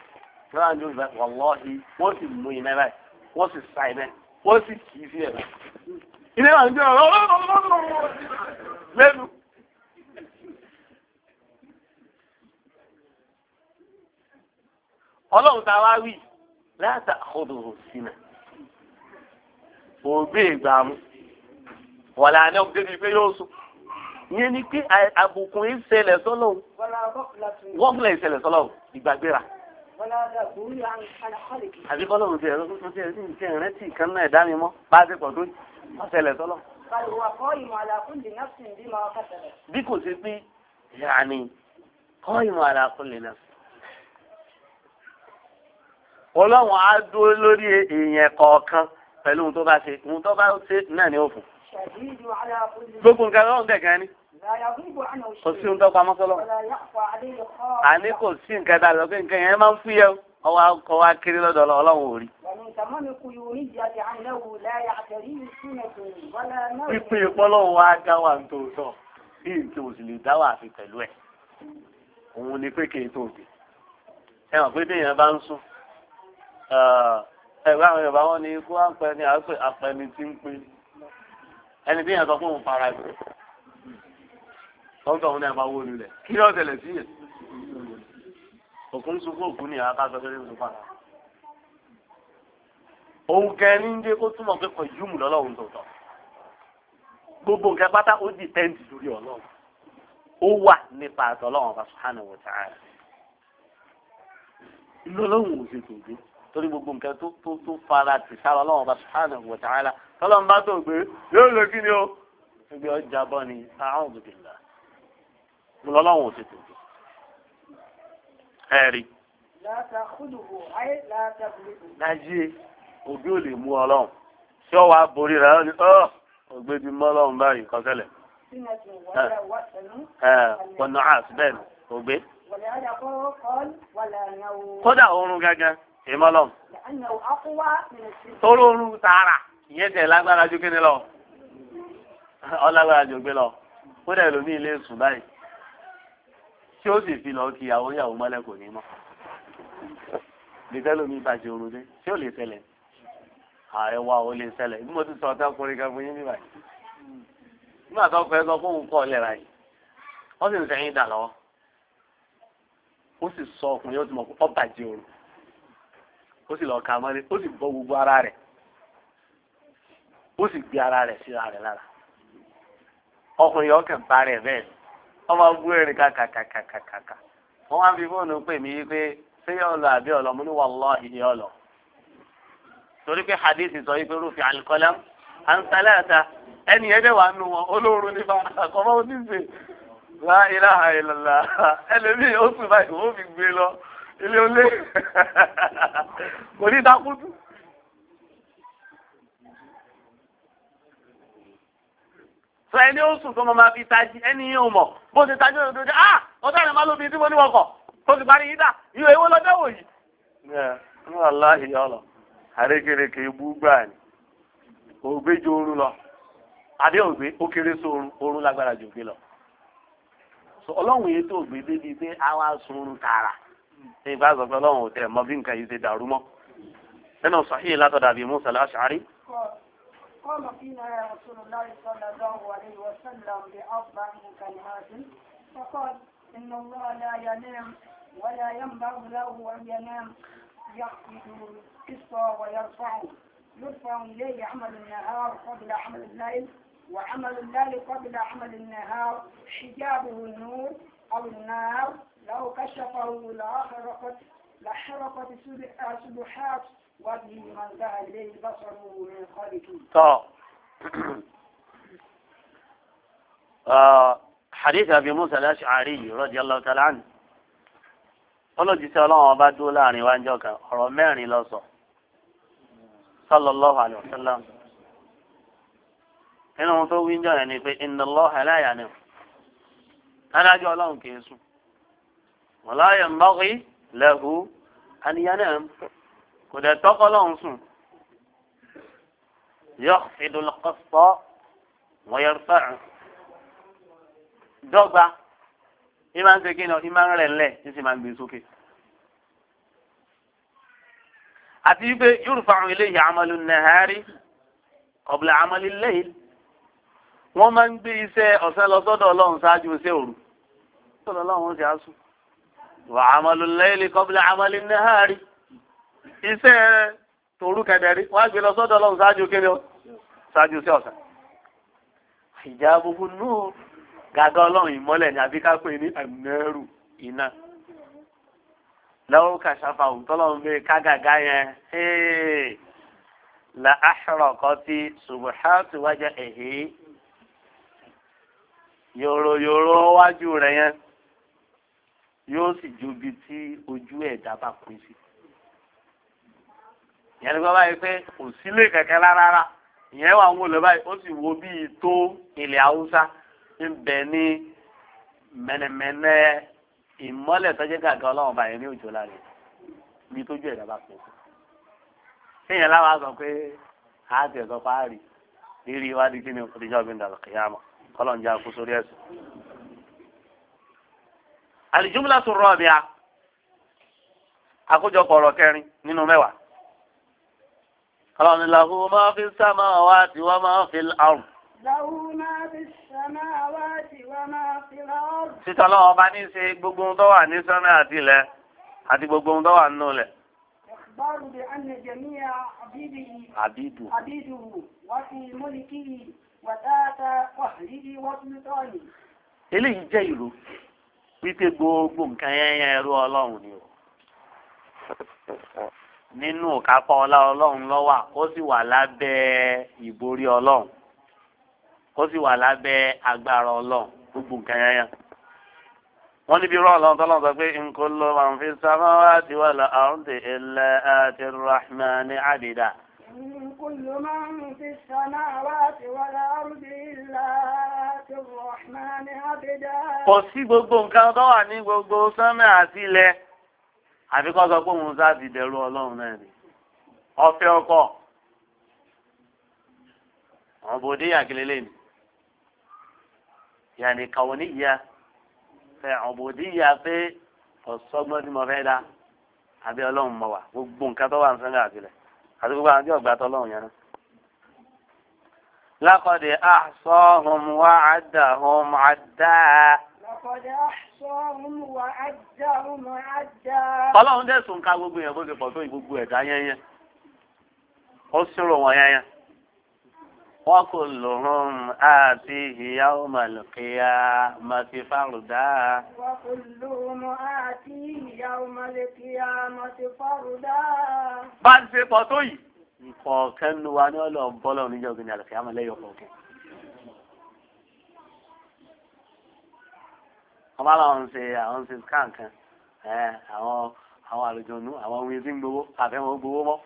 lọ́wọ́ àti olùfẹ́ wọ́lọ́ọ̀hì wọ́n sì mú iná báyìí wọ́n sì sa iná wọ́n sì kì í sí ẹ̀ iná wà ń jẹ́ ọ̀rọ̀ lẹ́nu. ọlọ́run tá a wá wí láta àkọ́dọ̀rọ̀ sínú òbí ìgbàmú wọ̀lá àná òkúté pé yóò sùn yẹn ni pé àbùkù ìṣẹ̀lẹ̀ sọ́lọ́run wọ́n fúnlẹ̀ ìṣẹ̀lẹ̀ sọ́lọ́run ìgbàgbéra àbí kọ́ lóun ti ẹ̀rọ tó ti ẹ̀rọ tí ń rántí nǹkan náà ẹ̀dá mi mọ́ bá a ti pọ̀ tó ọ̀sẹ̀lẹ̀ tọ́lọ̀. bí kò ṣe pé yàní kọ́ ìmọ̀ àlàkùnlé náà. ọlọ́run á dúró lórí èèyàn kọ̀ọ̀kan pẹ̀lú ohun tó bá ṣe ohun tó bá ṣe náà ní òfin. gbogbo nǹkan ọlọ́run tẹ̀ ni kò sí nǹkan pamọ́ sọ́lọ́ àní kò sí nǹkan tá a lọ pé nǹkan yẹn máa ń fúyẹ́ ọwọ́ akọ wa kiri lọ́dọ̀ ọlọ́run ò pípé ìpọ́lọ́wọ́ wa dá wà ní tòótọ́ bí nǹkan ò sì lè dá wà àfi pẹ̀lú ẹ̀ òun ni pé kìí tóbi ẹ mọ̀ pé téèyàn bá ń sùn ẹ̀rọ àwọn Yorùbá wọn ni ikú àpẹni àpẹni tí ń pè ẹni téèyàn sọ fún òun fara ẹ̀ ọ̀gbà òun náà máa wó lulẹ̀ kí ló ṣẹlẹ̀ sí yẹn òkun sunkún òkun ni àá ká sọ lórí nǹkan padà òun kẹni ń dé kó túmọ̀ pé kò yúmù lọ́lọ́run tọ̀tọ̀ gbogbo nǹkan pátá ó di tẹ́ǹtì lórí ọlọ́run ó wà nípa àtọ́lọ́run ọba subhanahu wa ta'ala lọ́lọ́run ò ṣètò òde torí gbogbo nǹkan tó tó tó fara tì sára ọlọ́run ọba subhanahu wa ta'ala tọ́lọ́run bá tó gbé yóò lè kí ni o gbé ọjà bọ́ ni a'udhu billah mo lọ́lọ́run ò sì tò bí ẹ̀rí. láyé òbí ò lè mú ọlọ́run tí ó wàá borí rẹ̀ ọ́ ni ọ́ ògbébi mọ́ ọlọ́run báyìí kọ́sẹ́lẹ̀. ọ̀nà àṣìbẹ́ẹ̀ ni ògbé. kódà oorun gángan èèmọ́ lọ́run. tóró tààrà ìyẹn tẹ̀ lágbára ju kíni ọlágbára jògbé lọ kódà ẹlòmíì lè sùn báyìí tí ó sì fi lọ kí ìyàwó ìyàwó mọ́lẹ̀ kò ní mọ́ lítẹ́lò mi oorun dé tí ó lè ṣẹlẹ̀ ààrẹ wa ò lè ṣẹlẹ̀ bí mo ti sọ ọ̀tá kan fún yín níbà yìí nígbà tó ọkùnrin sọ fóun kọ́ lẹ́ra yìí wọ́n sì ń sẹ́yìn dà lọ́wọ́ ó sì sọ ọkùnrin yóò ti mọ̀ ọ́ bàjẹ́ oorun ó sì lọ ka mọ́lẹ̀ ó sì bọ́ gbogbo ara rẹ̀ ó sì gbé ara rẹ̀ síra rẹ̀ lára ọkùnrin yóò bá rẹ̀ bẹ́ẹ̀ wọ́n máa gbó ẹ̀rìn kàkàkàkàkà wọ́n wá fi fóònù pè mí wípé ṣé yóò lọ àbí ọ̀lọ́ mo ní wallahi yóò lọ. torí pé hadith sọ wípé rúfin àlùkọ́lá à ń sálẹ̀ àta ẹni ẹ̀dẹ̀ wà nù wọn olóoru ní bá àkọ́mọ́ ó ti sè la ilaha illallah ẹlẹ́mìí ó sì báyìí wọ́n fi gbé lọ ilé olé *laughs* kò ní dákútù. sọ ẹni ó tó mọ máa fi tají ẹni yìí ò bó ṣe tají ah ọ̀dọ̀ àrẹ máa lóbi tí mo tó ti parí yídà ìwé ewó lọ́jọ́ wò yìí. ní aláhi ọlọ àrékèrèké ibú gbà ní ògbé ju oorun lọ àbí ògbé ó kéré sí oorun oorun lágbára jù ògbé lọ. ọlọ́run yìí tó ògbé débi pé sun mọ bí nǹkan yìí قام فينا رسول الله صلى الله عليه وسلم بأربع كلمات فقال إن الله لا ينام ولا ينبغي له أن ينام يحفظ القصة ويرفعه يرفع إليه عمل النهار قبل عمل الليل وعمل الليل قبل عمل النهار حجابه النور أو النار لو كشفه لآخرقت لحرقت سبحات طب *clears throat* حديث أبي موسى الأشعري رضي الله تعالى عنه olójúṣe ọlọ́run ọba dúró láàrin wa ń jọ kan ọ̀rọ̀ mẹ́rin ló sọ sallallahu alaihi wasallam nínú ohun tó wí ń jọ yẹn ni pé inna Allaha la kò dẹ̀ tọ́kọ́ lọ́hùn sùn yọ ìdúnlọ́kọ́sọ́ wọ́n yẹ sọ́ọ̀rùn dọ́gba ìmá ń ṣe kí ni ìmá ń rẹ̀ ńlẹ̀ ní sì máa ń gbé sókè. àti wípé yorùbá àwọn eléyìí amalu nàhárí ọ̀bùlà amalu lẹ́yìn wọ́n máa ń gbé iṣẹ́ ọ̀sán lọ sọ́dọ̀ ọlọ́run ṣáájú iṣẹ́ òru sọ́dọ̀ ọlọ́run ó ti á sùn wà amalu lẹ́yìn kọ́bùlà amalu nàhárí. iṣẹ́ tòru kẹ̀dẹ̀rí wọ́n gbé lọ sọ́dọ̀ kí ni ó sí ọ̀sán. ìjà gbogbo náà gàgà ọlọ́run ìmọ́lẹ̀ ni àbí ní àmìnẹ́rù iná. lọ́wọ́ kàṣàfà òǹtọ́lọ́run bẹ́ẹ̀ la èhè Yoroyoro ju ojú ẹ̀dá ìyẹn nípa báyìí pé kò sílé kẹ̀kẹ́ rárá ìyẹn wà ń wò lọ báyìí ó sì wo bíi tó ilẹ̀ haúsá ń bẹ ní mẹnẹmẹnẹ ìmọ́lẹ̀ tọ́jẹ́ gàgà ọlọ́run báyìí ní òjò láre bí tójú ẹ̀dá bá pọ̀ sí. kéèyàn láwa sọ pé a ti ẹ̀sọ́ fáàrí rírí iwájú kí ni òkúrìjọ́ bí ndàlọ́ kìyàmọ̀ kọ́lọ̀ ń jẹ́ akú sórí ẹ̀sùn. àlìjúmùlá tó rọ̀ bíà àkójọpọ̀ ọ̀rọ̀ kẹrin nínú mẹ́wàá ọlọ́run lahu máa fi sámà wá ti wá máa fi àrùn. lahu máa fi sámà wá ti wá máa fi àrùn. títọ́ lọ́wọ́ bá ní ṣe gbogbo ohun tó wà ní sánmà àti ilẹ̀ àti gbogbo ohun tó wà nínú ilẹ̀. ìbáru bí a ní jẹ̀míyà àbídù àbídù wọ́n fi múlikì wàtáàtà wàhálìdì wọ́n fi tọ́ọ̀nì. eléyìí jẹ́ ìlú wípé gbogbo nǹkan yẹn yẹn ẹrú ọlọ́run ni o nínú ìkápá ọlá ọlọ́run lọ́wà ó sì wà lábẹ́ ìborí ọlọ́run ó sì wà lábẹ́ agbára ọlọ́run gbogbo nǹkan yẹn yẹn. wọ́n níbi rọ́ ọlọ́run tó sọ pé in kullu man fi samawati wal ardi illa ati rahmani abida. in kullu man fi samawati kò sí gbogbo nǹkan tó wà ní gbogbo sánmà àti ilẹ̀ àfi kọ́ sọ pé òun sáà ti dẹrú ọlọ́run náà ni ọfẹ́ ọkọ àwọn bòde yàgìlẹ̀ lẹ́nu yàní kàwọn níyà fẹ́ àwọn bòde yà pé ọ̀sọ́gbọ́n tí mo fẹ́ dá àbí ọlọ́run mọ̀ wá gbogbo nǹkan tó wà ń sẹ́ńgà àtìlẹ̀ àti gbogbo àwọn tí ọ̀gbà tó ọlọ́run yẹn náà. لقد أحصاهم وعدهم عدا Ọlọ́run dẹ̀sùn ká gbogbo èèyàn bó ti pọ̀ tó gbogbo ẹ̀dá yẹ́yẹ́. Ó ṣòro wọn yẹ́yẹ́. Wọ́n kò lò rún àti ìyá ọmọ lùkìyà máa ti fárùdá. Wọ́n kò lò Bá ti pọ̀ tó yìí, nǹkan ọ̀kẹ́ nu wa ní ọlọ́ọ̀bọ́lọ́ níjọ́ gbìyànjú àlùkìyà máa lẹ́yọ̀ wọ́n bá ṣe àwọn ṣe scan kan àwọn àwọn àlùjọ̀nú àwọn ohun ìsìn gbowó àfẹ́ wọn gbowó mọ́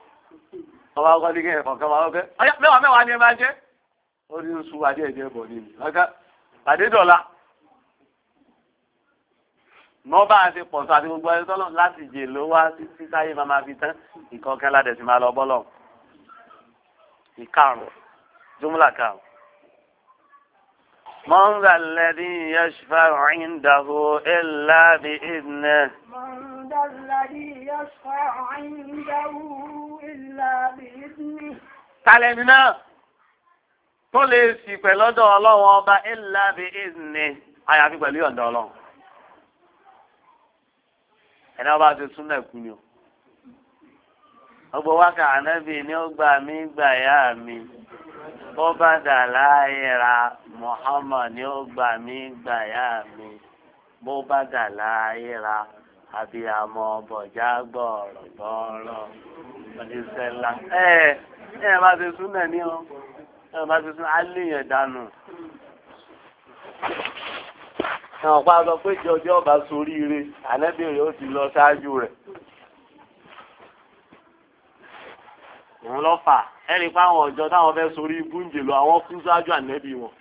wọ́n bá kọ́ dígẹ̀ máa wọ́pẹ́ ọ̀yá mẹ́wàá mẹ́wàá ni ẹ máa jẹ́ ó ní sùn adé ẹ̀jẹ̀ bọ̀ nínú ọ̀kan pàdé dọ̀la mọ́ bá a ṣe pọ̀ sọ àti gbogbo ẹni tọ́lọ́ láti jè ló wá sí sáyé máa ma fi tán ìkọ̀ọ̀kan ládẹ̀ máa lọ bọ́lọ̀ ìkarùn-ún karùn من ذا الذي يشفع عنده إلا بإذنه من ذا الذي يشفع إلا بإذنه تعلمنا tó lè sì pẹ̀lọ́dọ̀ ọlọ́run ọba إلا بإذنه àyàfi pẹ̀lú yọ̀ǹda ọlọ́run ẹ̀nà ọba ti tún náà ni o ọgbọ́n wákà ànábì ni ó gbà mí gbà yá mi bó bá dà láàyèrà Muhammad ni ó gbà mí gbà yá mi bó bá dà láàyèrà àbíyàmọ bọjá gbọrọ gbọrọ ìṣẹlá ẹ ẹ bá ti sún náà ní o ẹ bá ti sún aléyàn dànù ọ̀pá sọ pé jọjọ́ ọba soríire ànẹ́bìnrin ó ti lọ ṣáájú rẹ̀. òun lọ fà ẹni pé àwọn ọjọ́ táwọn fẹ́ sórí ibú ń jèlò àwọn kú sáájú ànẹ́bí wọn.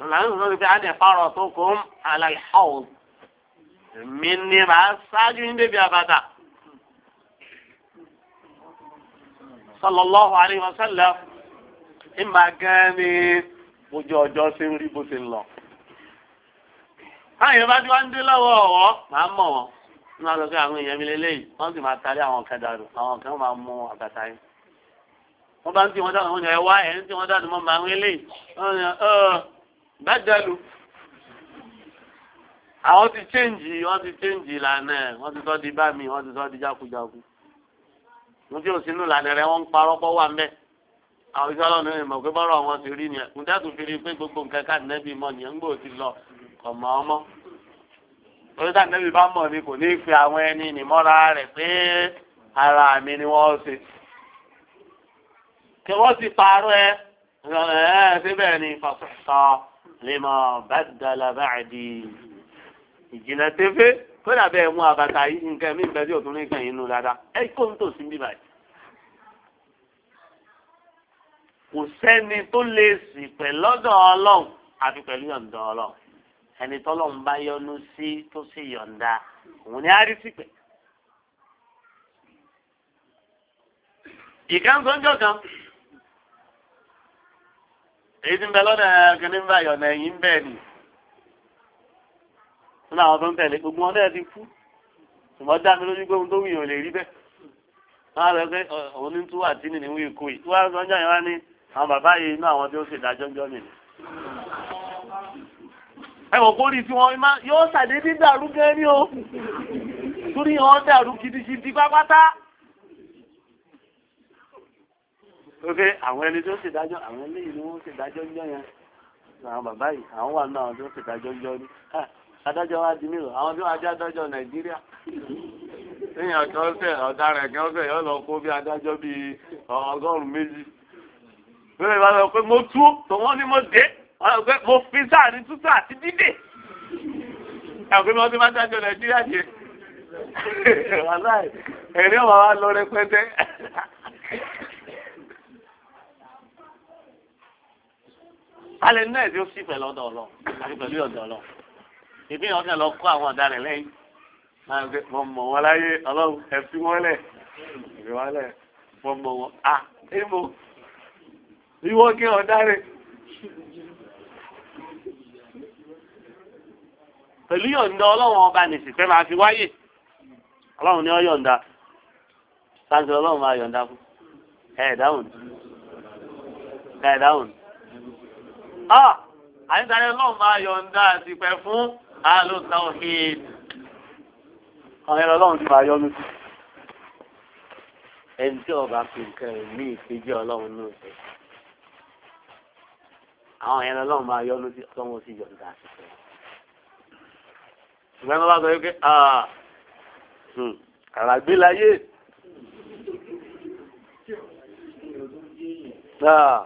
lọ́nà tó ti fi fárọ̀ tó kó ń aláìháwò mi ni màá ṣáájú ní débi àbàtà. sallallahu alayhi wa ìmà gan ni ojú ọjọ́ ṣe ń rí bó ṣe ń lọ. báyìí bá ti wá ń dé lọ́wọ́ ọ̀wọ́ màá mọ̀ wọ́n ní máa sọ àwọn èèyàn mi lélẹ́yìí wọ́n sì máa tarí àwọn kan dànù àwọn kan máa mú àgbàtà yìí wọ́n bá ń tí wọ́n dànù wọ́n ní wá ẹ̀ ń tí wọ́n dànù mọ́ màá ń lélẹ́yìí wọ́n ní ẹ bá àwọn ti chẹ́ǹjì wọ́n ti chẹ́ǹjì ìlànà ẹ̀ wọ́n ti sọ di bá mi wọ́n ti sọ di jákujáku mo tí ò sínú rẹ wọ́n ń parọ́ pọ́ wà mbẹ́ àwọn iṣẹ́ torí tá nẹ́bí bá mọ̀ ni kò ní fi àwọn ẹni nìmọ́ra rẹ̀ pé ara mi ni wọ́n ṣe. kí wọ́n ti parọ́ ẹ ẹ síbẹ̀ ni fàṣọ lèmọ̀ bàdàlà báàdì ìjìnlẹ̀ tẹ́fẹ́ tó dàbẹ̀ mú àbàtà yìí nǹkan mí bẹ́ẹ̀ tí òtún ní kàn yín nù dáadáa ẹ kó ń tòsí bí báyìí. kò sẹ́ni tó lè sì pẹ̀ ọlọ́run àti pẹ̀lú ọ̀dọ̀ ọlọ́run ẹni tọ́lọ̀ ń bá yọnu sí tó sì yọ̀ǹda òun ni á rí sí ń jọ kan èyí tí ń bẹ lọ́nà kìíní ń bá ẹ̀yìn bẹ́ẹ̀ ni nínú àwọn tó ń tẹ̀lé gbogbo wọn náà ti kú ṣùgbọ́n dá mi lójú pé ohun tó wù yàn lè rí bẹ́ẹ̀ wọ́n á lọ pé òun ní tú àtínì ní wíìkú yìí wọ́n á sọ ọjọ́ yẹn wá ní àwọn bàbá yìí inú àwọn tí ó ṣèdájọ́ ń jọ́ nìyí. ẹ wọ̀ kórìí tí wọ́n yóò ṣàdédé dàrú gẹ́gẹ́ ní o torí wọn dàrú gidigidi pápátá. pé àwọn ẹni tó ṣèdájọ́ àwọn eléyìí ni wọ́n ṣèdájọ́ ń jọ yẹn àwọn bàbá yìí àwọn wà náà tó ń jọ ní adájọ́ wa di àwọn tí wọ́n adé adájọ́ nàìjíríà èèyàn ọ̀daràn lọ kó bí adájọ́ bíi ọgọ́rùn-ún méjì. pé mo tú ni mo fi sáà ní tútù àti dídè àwọn ọmọ ọdún máa dájọ́ nàìjíríà jẹ ẹ̀rí ọmọ wa lọ rẹpẹtẹ. alẹ́ nínú ẹ̀sìn ó sì pẹ̀lú ọ̀dọ̀ ọ̀lọ́ àti pẹ̀lú ọ̀dọ̀ ọ̀lọ́ ìpínlẹ̀ ọ̀sẹ̀ lọ kọ́ àwọn ọ̀daràn lẹ́yìn mo mọ̀ wọn láyé ọlọ́run ẹ̀fí wọn lẹ̀ ẹ̀fí wọn lẹ̀ mo mọ̀ wọn à ah, émo ìwọ́n kí ọ̀daràn. pẹ̀lú yọ̀ǹda ọlọ́run ọba nìsí fẹ́ máa fi wáyè ọlọ́run ni ọ yọ̀ǹda sáńtì ọlọ́run máa yọ̀ǹda fún ẹ̀ dáhùn ẹ̀ ọlọ́run máa yọ̀ǹda àti pẹ̀ fún alóòtọ́ hìd ọlọ́run ti máa yọnu àwọn ẹ̀rọ ọlọ́run máa yọnu sí ọlọ́run ó sì àti pẹ̀ ṣùgbọ́n wọ́n bá sọ wípé ah, hmm, àràgbé láyé ah,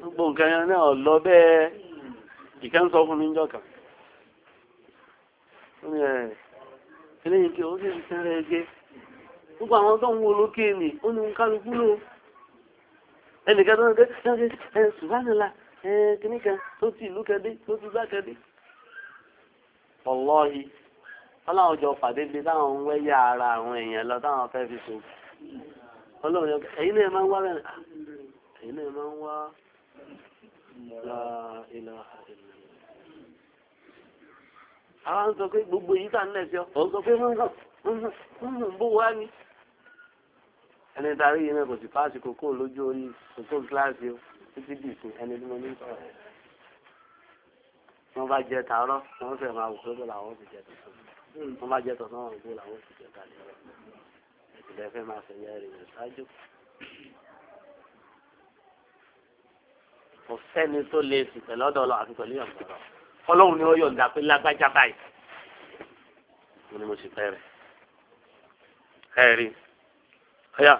gbogbo nǹkan yẹn náà lọ bẹ́ẹ̀ ìkẹ́ ń sọ fún mi níjọ́ kan eh, eléyìí kí ó sì ń sẹ́rẹ̀ ẹgbẹ́ gbogbo àwọn tó ń wo lókè mi ó ní kálukú ló ẹnìkan tó ń gbé ṣáṣe ẹ̀ ṣùgbọ́n nìlà ẹ̀ kìnnìkan tó ti ìlú kẹdé tó ti gbá kẹdé ọlọ́ọ̀hì ọláwọn jọ pàdé bíi táwọn ń wẹ́yà ara àwọn èèyàn lọ táwọn fẹ́ fi so ọlọ́run yọ ẹ̀yin náà máa ń wá bẹ́ẹ̀ ẹ̀yin náà máa ń wá àwọn ń sọ pé gbogbo yìí tà ń ọ sọ pé ń wá ni ẹni tàrí yìí náà kò sì fásikò kó lójú orí kò tó kíláàsì ó títí dì sí ẹni tí mo ní sọ̀rọ̀ wọ́n bá jẹ tàárọ̀ wọ́n fẹ́ máa wò pé bó làwọn ti jẹ tọ̀sán wọ́n bá jẹ tọ̀sán wọ́n bó làwọn ti jẹ tàlẹ́ ìpìlẹ̀ fẹ́ máa fẹ̀yà rẹ̀ ṣáájú. kò sẹ́ni tó lè sì pẹ̀lú ọ̀dọ̀ ọlọ́ àti pẹ̀lú ìyọ̀ǹda lọ ọlọ́run ni ó yọ̀ǹda pé lágbájá báyìí mo sì fẹ́ rẹ̀ ẹ̀ ọ̀yà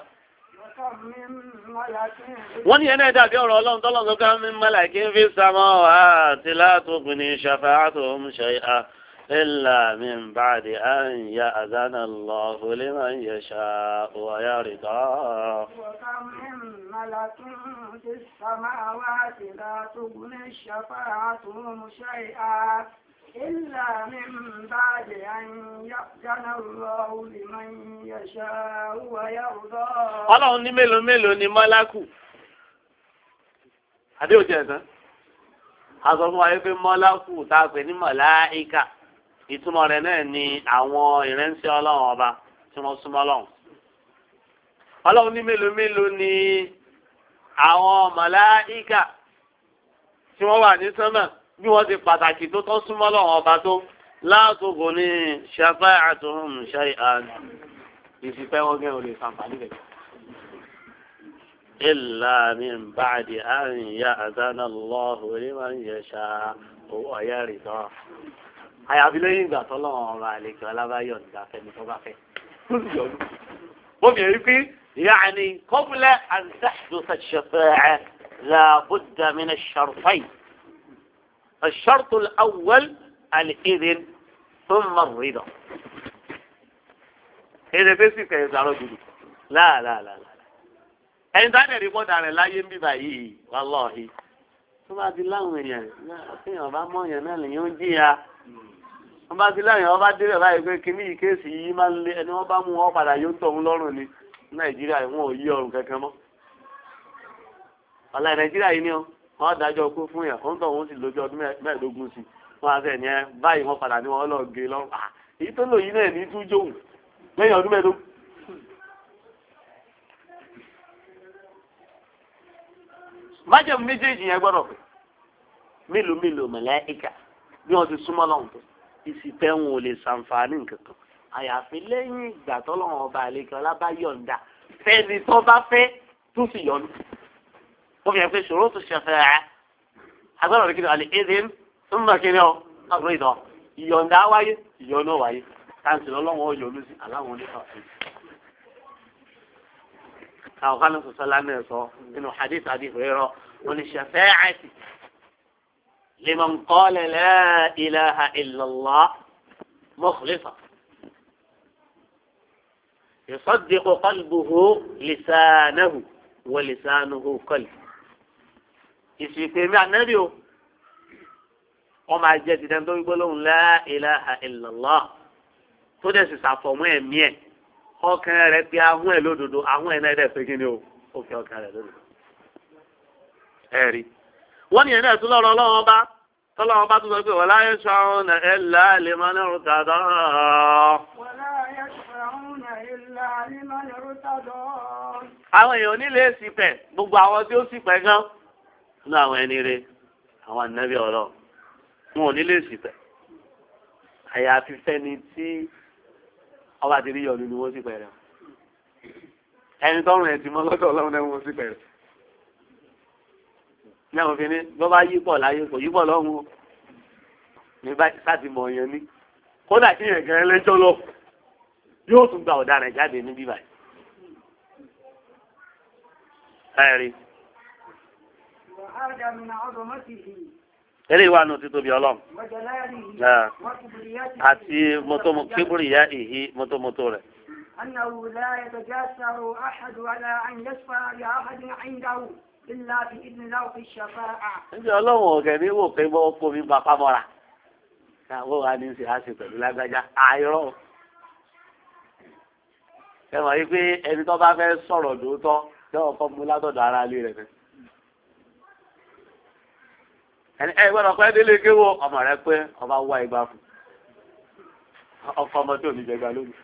wọ́n ní ẹ̀nà ìdàbí ọ̀rọ̀ ọlọ́run tọ́lọ́run tó ká ń mẹ́lá kí ń fi samọ́ àti látòkùn ní ṣàfàátò ń ṣe à illa min ba'di an ya'zana Allahu liman yasha'u wa yarda. وكم إلا من بعد أن يأذن الله لمن يشاء ويرضى Ọlọ́run ní mélòó mélòó ni Mọ́lákù. Adé òjì هذا A sọ fún wa pé Mọ́lákù tá a pè ní Mọ̀láíkà. Ìtumọ̀ rẹ̀ náà ni àwọn ìránṣẹ́ Ọlọ́run ọba tí wọ́n súnmọ́ Ọlọ́run. Ọlọ́run ní mélòó mélòó ni àwọn Mọ̀láíkà tí wọ́n wà ní sánmà bí wọ́n ti pàtàkì tó tọ́ súnmọ́ lọ́wọ́ ọba tó láàtòkò ní ṣàfà àtúnhùn ṣáì àná ìfipẹ́ wọn olè sàǹfààní rẹ̀. إلا من بعد أن يأذن الله لمن يشاء ويرضى àyàfi lẹ́yìn ìgbà tọ́lọ́wọ́n ọ̀rọ̀ àlejò alábáyọ̀ nígbà fẹ́ni tó bá fẹ́. mo bìí rí pé yaani kọ́bùlẹ̀ àǹtẹ̀dùsẹ̀ ṣẹ̀fẹ̀ ẹ̀ làbúdàmínà ṣàrùfáì. الشرط الأول الإذن ثم الرضا إذا بس كيزارو جدي لا لا لا لا ẹni tá a dẹ̀ rí bọ́ darẹ̀ láyé ń bíbà yìí wàláhì tó bá ti láwọn èèyàn fíyàn bá mọ èèyàn náà lèyàn ń jìyà wọ́n bá ti láwọn èèyàn bá débẹ̀ báyìí pé kíní yìí kéèsì yìí máa ń lé ẹni wọ́n bá mú wọn padà yóò tọ̀ ń lọ́rùn ni nàìjíríà wọn ò yí ọrùn kankan mọ́ ọ̀la nàìjíríà yìí ni ọ́ wọ́n dájọ́ kú fún yẹn wọ́n tọ̀ wọ́n sì lójú ọdún mẹ́ẹ̀ẹ́dógún sí wọ́n á sẹ́yìn yẹn báyìí wọ́n padà ní wọ́n lọ gé lọ́rùn à ah, èyí tó lò yìí náà ní tú jóun lẹ́yìn ọdún mẹ́ẹ̀ẹ́dógún. májèm méjèèjì yẹn gbọ́dọ̀ pé mélòó mélòó màláíkà bí wọ́n ti súnmọ́ lọ́hùn tó ìsìtẹ́ wọn ò lè ṣàǹfààní àyàfi lẹ́yìn ìgbà tọ́lọ́wọ́n ọba àlekẹ́ ọlá وفي عبقية شروط الشفاعة حضر ركض على إذن ثم كنو أقريضا يون دعوية يونو وي تانسل الله وهو يونو سي الله وليه أو قال نفسه صلى الله عليه وسلم إنه حديث عدي خيره والشفاعة لمن قال لا إله إلا الله مخلصة يصدق قلبه لسانه ولسانه قلبه ìsìnkú èmi ànábì o wọn máa jẹ dídán tó gbígbó lóhùn la ilaha illallah tó dẹ̀ sì sàfọ̀mọ́ ẹ̀mí ẹ̀ ọkàn rẹ̀ pé ahọ́n ẹ̀ lódodo ahọ́n ẹ̀ náà dẹ̀ pé kí ni o ó fi ọkàn rẹ̀ lódodo. ẹ wọ́n ní ẹ̀dá tó lọ́rọ̀ ọlọ́run ọba tọ́lọ́run ọba tó sọ pé wọ́n láyé sọ́run nà ẹ̀ là lè mọ́ ní rúta dán. àwọn èèyàn ò ní gbogbo àwọn tí ó ṣìpẹ̀ gan-an nínú àwọn ẹni rẹ àwọn ànábì ọ̀rọ̀ wọn ò ní lè sì pẹ̀ àyàfi fẹ́ni tí ọba ti rí yọ̀lú ni wọ́n sì pẹ̀rẹ̀ ẹni tọrùn ẹ̀ ti mọ́ lọ́dọ̀ ọlọ́run ẹ̀ wọ́n sì pẹ̀rẹ̀ ní àwọn òfin ní bọ́ bá yípọ̀ láyé kò yípọ̀ lọ́hùn ní bá sáti mọ̀ yẹn ní kódà kí yẹn gẹ̀rẹ́ lẹ́jọ́ lọ yóò tún gba ọ̀daràn jáde níbí báyìí eléyìí wà nù títóbi ọlọ́run àti mọ́tòmọ́ kébùrì yá ìhí mọ́tòmọ́tò rẹ̀. أنه لا يتجاسر أحد على أن يشفع لأحد عنده إلا بإذن الله في الشفاعة. ǹjẹ́ ọlọ́run ọ̀gẹ̀ ní wò pé bọ́ kó mi bá pamọ́ra káwọ́ wa ní ṣe àṣẹ pẹ̀lú lágbájá àìrọ̀. ẹ mọ̀ yí pé ẹni tó bá fẹ́ sọ̀rọ̀ lóòótọ́ yóò kọ́ mú látọ̀dọ̀ ara ilé rẹ̀ fẹ́. ẹni ẹ gbọ́dọ̀ pẹ́ délé kéwò ọmọ rẹ pé ọba wá igba fún ọkọ ọmọ tó ní jẹgba lónìí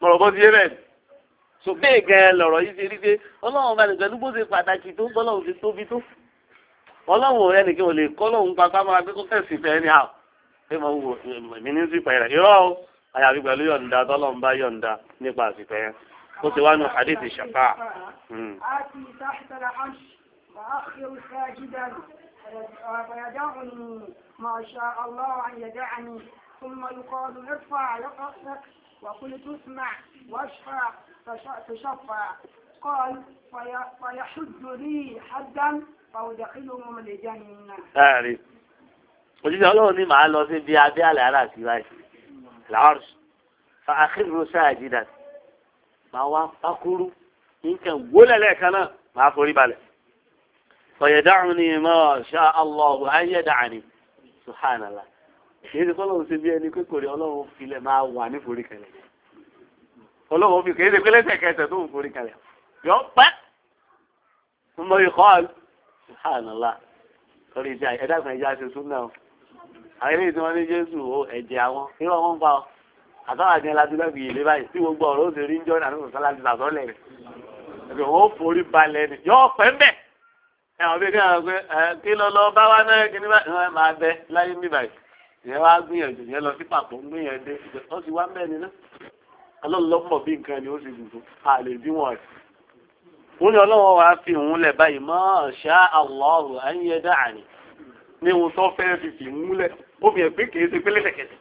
mọ̀rọ̀ bó ti yé bẹ́ẹ̀ bẹ́ẹ̀ gan lọ̀rọ̀ yìí rí pé ọlọ́run balẹ̀ pẹ̀lú bó ṣe pàtàkì tó bọ́lọ́run tóbi tó ọlọ́run rẹ nìkan ò lè kọ́ lọ́run máa gbé kó fẹ́ pé mo وأخر ساجدا فيدعني ما شاء الله أن يدعني ثم يقال ارفع رأسك وقلت اسمع واشفع تشفع قال فيحد لي حدا فأدخلهم الجنة أعرف وجد الله لي مع الوزير بيع بيع العراس العرش فأخر ساجدا ما هو أقول إن كان ولا لك أنا ما أقول بالك فيدعني ما شاء الله أن يدعني سبحان الله kéde kọlọ́run ṣe bí ẹni pé kò rí ọlọ́run filẹ̀ máa wà ní forí kalẹ̀ ọlọ́run fi kéde pé lẹ́sẹ̀kẹsẹ̀ tó ń forí kalẹ̀ yọ pẹ́ ọmọ ikọ̀ ṣùhánàlá sọrí ìjà ẹ̀dá kan ìjà ṣe súnmọ́ ọ àwọn eléyìí tí wọ́n ní jésù ó ẹ̀jẹ̀ àwọn irọ́ wọn pa ọ àtàwọn àti ẹlẹ́dí lọ́ọ̀gì yìí lé báyìí ẹ àwọn bíi káwọn pé ẹ kí lọ lọ bá wa náà kí ni wọn máa bẹ láyé mi báyìí ìyẹn wá gbìyànjú ìyẹn lọ sí pàpọ̀ ń gbìyànjú dé ó sì wá mẹ́ni náà ọlọ́lọ́pọ̀ bí nǹkan ni ó sì dùn fún àlè bí wọ́n rẹ̀. ó ní ọlọ́wọ́ wa fi òun lẹ̀ báyìí mọ́ ṣá àwòrán ayé dáa ni ní ohun tó fẹ́ fi fi múlẹ̀ ó fi hàn pé kìí ṣe pé lẹ́sẹ̀kẹsẹ̀.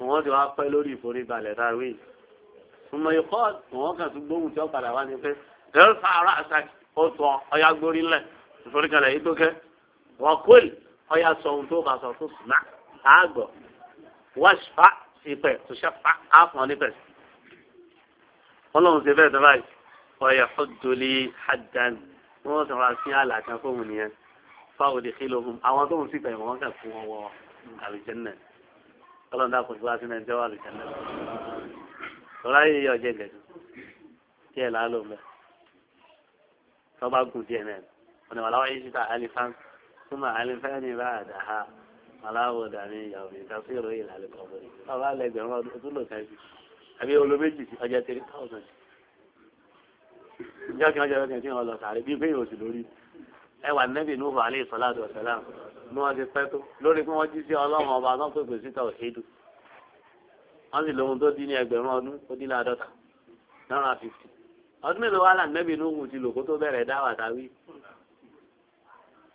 wọ́n ti wá pẹ́ lórí ìforíbalẹ̀ ráwé yìí. ọmọ ikọ́ wọ́n kàn tún gbóhùn tí ó padà wá ní pé ẹ̀rọ sàárà àṣàkì ó sọ ọyá gbórí lẹ̀ ìforíkalẹ̀ yìí tó kẹ́ wọ́n kúl ọyá sọ ohun tó bá sọ tó sùn náà àgbọ̀ wáṣfà ìpẹ̀ tó ṣàfà àfọ̀n nípẹ̀ ọlọ́run ṣe bẹ́ẹ̀ tó báyìí ọyà ọdọlẹ hadan wọn sọ wá sí àlàkà fóun nìyẹn fáwọn lè kílò fún àwọn tó ń sì bẹ̀rẹ̀ wọn kà fún wọn wọ ọlọ́run dàpọ̀ sí sí nàìjíríà àlùjẹ́nà tọ́lá yìí yọ jẹ́ kí ẹ̀ láàlú mẹ́ tọ́ba gùn díẹ̀ náà ọ̀nà wàláwà yìí ṣíta alifan súnmọ́ alifan ní bá àdáhà aláwọ̀ dání ìyàwó ìtàkùn ìròyìn ìlàlẹ̀ kọ̀ọ̀bọ̀rì ọba lẹ́gbẹ̀rún ọdún tó lò ká sí àbí olóméjì sí ọjà tẹ̀lé thousand ìjọ kí wọ́n jẹ́ ọkàn tí wọ́n lọ sàárè bí bẹ́ẹ̀ òsì lórí ẹ wà nẹ́bì nùfọ̀ alẹ́ ìsọ̀láàdù ọ̀sẹ̀láàmù ni wọ́n ti pẹ́ tó lórí pé wọ́n jí sí ọlọ́run ọba náà pèpè síta òṣèlú wọ́n sì lóhun tó dín ní ẹgbẹ̀rún ọdún ó dín ní àádọ́ta náírà fifty ọdún mélòó wà lànàbì ní òun ti lò tó bẹ̀rẹ̀ dá wà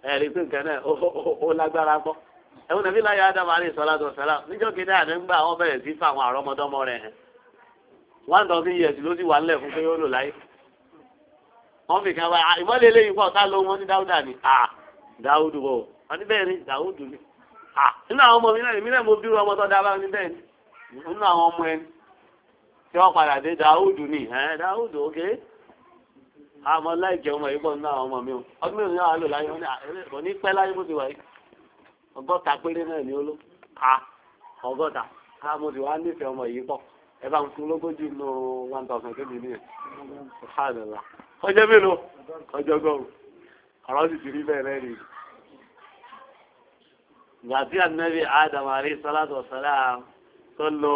ẹ̀rí pé nǹkan náà ó lágbára pọ̀ nàbí láyé sọlá tó sọlá níjọ́ bẹ̀rẹ̀ sí àwọn àrọ́mọdọ́mọ rẹ̀ hàn ló sì wà nílẹ̀ fún pé ó lò láyé fi kan wá ah, eléyìí pọ̀ sálọ ní dáúdà ni à ah, dáúdù o wọn ní bẹ́ẹ̀ ni dáúdù ni à ah, nínú ọmọ mi náà èmi náà mo bí tí wọ́n padà dé dáúdù ni ẹ̀ dáúdù ókè àmọ́ láìjẹ́ ọmọ yìí pọ̀ nínú àwọn ọmọ mi o ọdún mẹ́rin náà lò láyé wọn ah, ní pẹ́ láyé bó ti wà yìí ọgọ́ta péré náà ni ó ló ka ọgọ́ta àmọ́ ti wá nífẹ̀ẹ́ ọmọ yìí pọ̀ ẹ bá ń fún lógójì nù one thousand kébì ní ẹ̀ ṣáàdùnlá ọjọ́ mélòó ọjọ́ gọ́rù ọ̀rọ̀ sì ti rí bẹ́ẹ̀ rẹ́ nìyí. ìgbà tí ànábì Adam alayhi salatu wa salam tó lo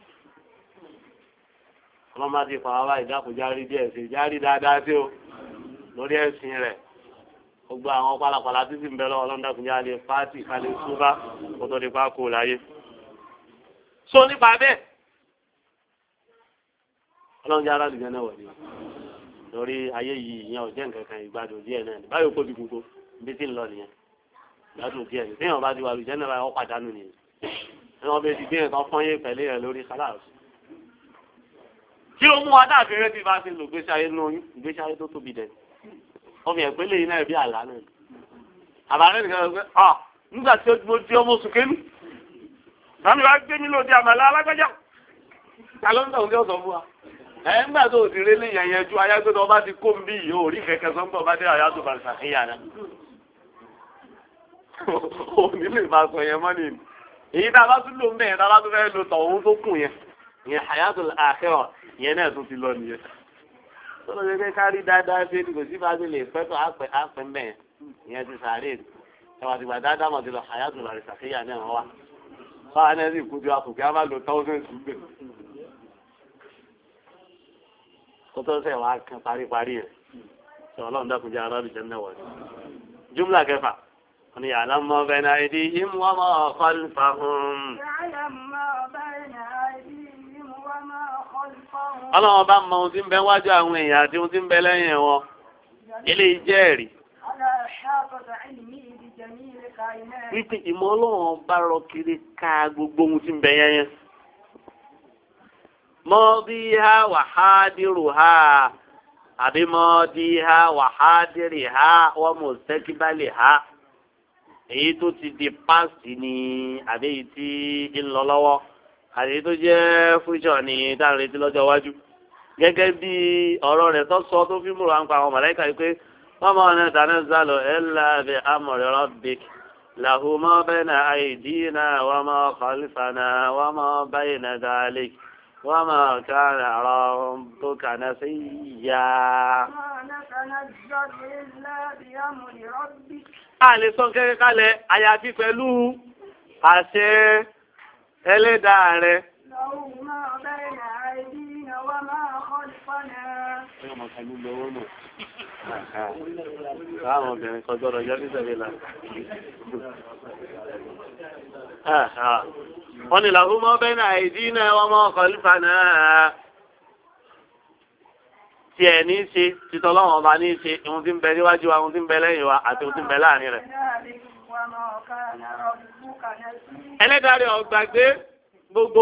ọlọ́mọ ti fà wá báyìí járí díẹ̀ sí járí dáadáa sí o lórí ẹ̀sìn rẹ̀ gbogbo àwọn pálapàla títí ń bẹ lọ́wọ́ ọlọ́dàkùn já lè fáàtì kalẹ̀ súbá kó tó di pa kó láyé. so nípa bẹ́ẹ̀ ọlọ́run já aráàlú jẹ́nà wọ̀ ni lórí ayé yìí ìyẹn ọ̀jẹ́ nǹkan kan ìgbádùn díẹ̀ náà ni báyìí kó ti gbogbo bí ti ń lọ nìyẹn ìgbádùn díẹ̀ ni téèyàn bá ti wà lù jẹ́nà báyìí pàdánù nìyẹn ẹ̀wọ̀n bẹ́ẹ̀ ti gbé ẹ̀kan fọ́nyé pẹ̀lú ẹ̀ lórí kálàsì kí ló mú wa dáàbí rẹ bí bá ṣe lò gbèsè ayé nù oyún gbèsè ayé tó tóbi dẹ ọmọ ẹgbẹ lẹ́yìn náà bí àlá náà àbárẹ nìkan ló gbé ọ nígbà tí mo di ọmọ oṣù kéénu sani wa gbé mi lòdì àmàlà alágbájá kálọ́ nígbà tó sọ fún wa ẹ nígbà tó ti rí lẹ́yìn ẹyẹ ju ayágbé tó bá ti kó mi bí yìí ò rí kẹkẹ sọ́ńgbọ̀ bá dé àyà tó bá ń sàkéyà náà òní lè máa sọ yẹn mọ́ nìyí èyí tá a bá tún lò ń bẹ̀yẹn tá a bá tún fẹ́ lò tọ̀ òun tó kù yẹn ìyẹn àyà tó àkẹ́wọ̀n ìyẹn náà tún ti lọ nìyẹn tọ́lọ́ ṣe pé kárí dáadáa ṣe ni kò sí fàájì lè pẹ́ tó àpẹ́ àpẹ́ mẹ́ ìyẹn ti sàárè ẹwà tìgbà dáadáa mọ̀ ti lọ àyàtò lọ́rẹ̀ sàkéyà náà wà báwa náà sì kú ju akùnkẹ́ á má lo thousand ṣùgbẹ́ kó tó sẹ̀ wá kan paríparí rẹ̀ sọ ọlọ́run dákunjẹ́ arábìjẹ́ náà wọ̀nyí. jumla kẹfà wọn yàrá mọ bẹ́ẹ̀ náà èdè yìí mú ọmọ ọ̀fà ń fa hùn. yàrá mọ bẹ́ẹ̀ náà èdè yìí mú ọmọ ọlọ́wọ́n bá mọ ohun tí ń bẹ wájú àwọn èèyàn àti ohun tí ń bẹ lẹ́yìn wọn ilé iṣẹ́ ẹ̀rí. wípé ìmọ̀ ọlọ́wọ́n bá rọ kiri ka gbogbo ohun tí ń bẹ yẹn yẹn. mọ́díhá wàhádìrúhá àbí mọ́díhá wàhádìrìhá wọ́n mọ̀ sẹ́kíbálìhá èyí tó ti di pásì ni àbí èyí tí ń lọ lọ́wọ́ àti tó jẹ́ fújọ ni tá a retí lọ́jọ́ iwájú gẹ́gẹ́ bí ọ̀rọ̀ rẹ̀ tó sọ tó fi múra ń pa àwọn mọ̀lẹ́kà yìí pé wọ́n máa ní ìdáná zálọ ẹ̀ lábẹ́ amọ̀rẹ́ rọ́bì làhùn mọ́ bẹ́ẹ̀ náà àìdí náà wọ́n máa kọ́lífà náà wọ́n máa báyìí náà dálé wọ́n máa ká àrọ̀ tó kàná sí ìyá. a lè sọ kẹ́kẹ́ kalẹ̀ àyàfi pẹ̀lú àṣẹ ẹlẹ́dàá rẹ. Láwọn Wọ́n ní làwọn ọmọ bẹ́ẹ̀ náà ìdí náà wọ́n mọ́ ọkọ̀ náà. Tí ẹ̀ ní ṣe, títọ́ ọba ní ṣe, ohun tí ń bẹ níwájú wa, ohun tí ń bẹ lẹ́yìn wa, àti ohun tí ń bẹ láàrin rẹ̀ ẹlẹ́dàrí ọ̀gbàgbé gbogbo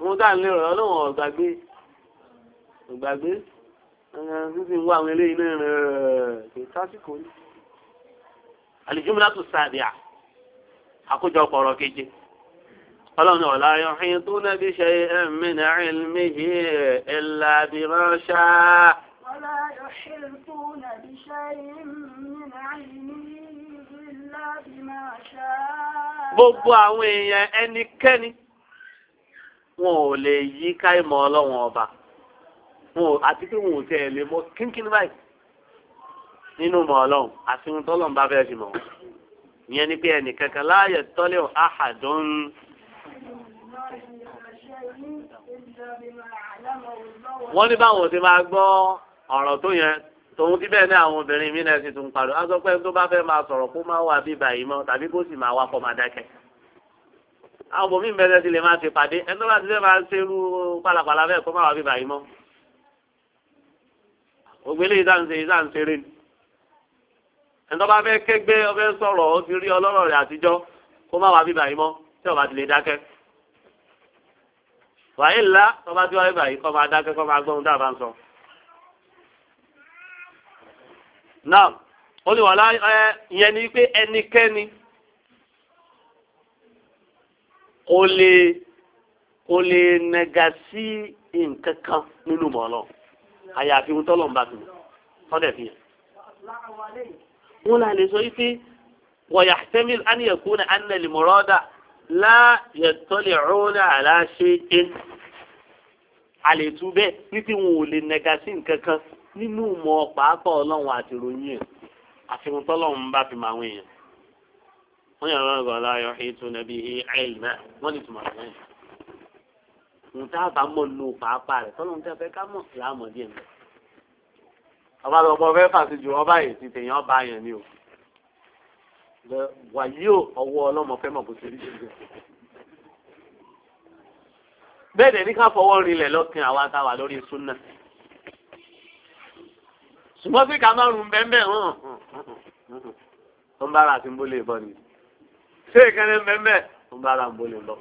ohun tá à ń lérò ọlọ́run ọ̀gbàgbé ọ̀gbàgbé títí ń wá àwọn eléyìí náà rẹ̀ kì í sásìkò ní. àlìjúmọ́lá tó sàdíà àkójọpọ̀ ọ̀rọ̀ keje ọlọ́run ọ̀la yọ̀hìn tó nẹ́bí ṣe ẹ̀mìnà gbogbo àwọn èèyàn ẹnikẹ́ni wọn ò lè yí káìmọ̀ ọlọ́wọ́n ọba àti pé wọn ò tẹ̀ lè mọ kínkín báyìí nínú mọ̀ ọlọ́run àti ohun tọ́lọ́run bá fẹ́ẹ́ fi mọ̀ wọn ìyẹn ni pé ẹnìkankan láàyè tọ́lẹ̀ àhàdùn wọ́n ní báwọn ti máa gbọ́ ọ̀rọ̀ tó yẹn tòun ti bẹ́ẹ̀ ní àwọn obìnrin mi náà sì tún pariwo á sọ pé tó bá fẹ́ máa sọ̀rọ̀ kó má wà bí báyìí mọ́ tàbí kó sì máa wá kọ́ máa dákẹ́. àwọn bòmí ń bẹ́ẹ̀ sì lè máa ṣe pàdé ẹni tó bá ti fẹ́ máa ṣe irú pàlàpàlà bẹ́ẹ̀ kó má wà bí báyìí mọ́. ògbélé ìdáǹṣe ìdáǹṣe rè ni. ẹni tó bá fẹ́ kẹ́gbẹ́ ọfẹ́ sọ̀rọ̀ ó ti rí ọlọ́rọ̀ rẹ̀ àtijọ́ kó má wà bí báyìí mọ́ tí ó ti lè dákẹ́. wàhálà tó bá ti wá báyìí kọ́ máa dákẹ́ kọ́ máa gbọ́ náà ó ní wàhálà ìyẹn ni pé ẹnikẹ́ni kò lè kò lè nẹ̀gà sí nǹkan kan nínú mọ̀ọ́lọ́ àyàfi ohun tọ́lọ̀ ń bá tunu tọ́lẹ̀ fi hàn. wọn là lè sọ yìí wọ̀yà tẹ́mí àníyànkú ní anẹ́lì mọ̀rọ́dà láyẹ̀tọ́lẹ̀ ọ̀rọ̀ àláṣe é. àlètú bẹ́ẹ̀ títí wọn ò lè nẹ̀gà sí nǹkan kan nínú mọ pàápàá ọlọ́run àti ròyìn ẹ̀ àfihàn tọ́lọ́run bá fi máa wọ̀nyẹn wọ́n yàrá wọn gbọ́dọ̀ ayọ̀ ètò nàbí ẹ̀ẹ́lì náà wọ́n lè túmọ̀ sí wọ́nyẹn. ń tá a bá mọ̀ nù pàápàá rẹ̀ tọ́lọ́run tẹ́ fẹ́ ká mọ̀ sí àmọ̀ díẹ̀ mọ́. ọba tó kọ fẹ́ fàṣẹ jù ọba yìí ti tèèyàn ọba yẹn ni o. wàyí o ọwọ́ ọlọ́mọ fẹ́ mọ̀ bó ṣe rí ṣe bẹ́ẹ̀ dẹ̀ ní ká fọwọ́ rinlẹ̀ lọ́kàn àwa táwa lórí súnà ṣùgbọ́n pé ká má rùn bẹ́ẹ̀ hàn ó ń bára àti ń bólé bọ́ ni ṣé ìkẹ́lẹ́ bẹ́ẹ̀ ó ń bára ń bólé lọ.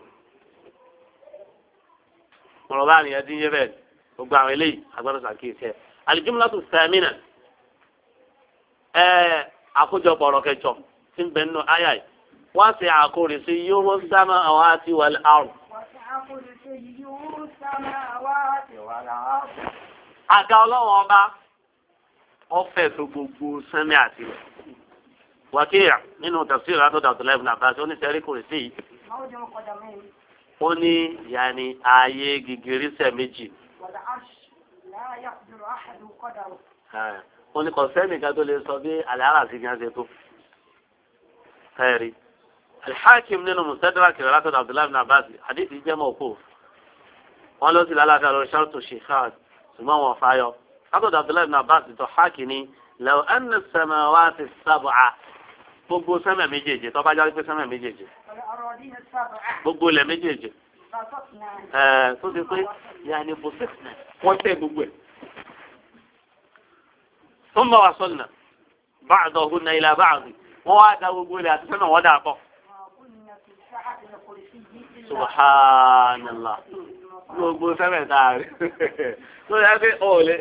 ọ̀rọ̀ bá nìyẹn dín yé bẹ́ẹ̀ gbogbo àwọn eléyìí agbọ́dọ̀ ṣàkíyèsí ẹ̀ al-jumlatu thamina ẹ̀ àkójọpọ̀ ọ̀rọ̀ kẹjọ tí ń bẹ nínú àyà yìí wá sí àkórè wal ard. àga ọlọ́wọ́n ọba ọfẹ tó gbogbo sẹmí àti rẹ wàkíyà nínú tafsir àtọdà àtọlẹ ibùdó àbáṣe oníṣẹrí kò rí sí i ó ní yanni ààyè gìgírí sẹ méjì ó ní kò sẹ́mi kan tó lè sọ bí àlàárà sí gan ṣe tó kẹrì alḥakim nínú mustadrak kìrì látọdà àtọlẹ ibùdó àbáṣe àdìsí jẹmọ òkú wọn lọ sí lálàáfíà lọ ṣàtúnṣe káàdì ṣùgbọ́n látọ̀dọ̀ abdullahi bin abbas tó hákì ni lẹ́wọ̀n ẹni sẹ́mẹ̀ wá ti sábà gbogbo sẹ́mẹ̀ méjèèjì tó bá jáde pé sẹ́mẹ̀ méjèèjì gbogbo ilẹ̀ méjèèjì ẹ̀ tó ti pé yanni bùsíkìnà wọ́n tẹ̀ gbogbo ẹ̀. tó ń bá wa sọ̀nà báàdà ọ̀hún náà ilà báàdì wọ́n wá da gbogbo ilẹ̀ àti sẹ́mẹ̀ wọ́n dà pọ̀. subhanallah gbogbo sẹ́fẹ̀ tá a rí tó yẹ pé ọ̀ lè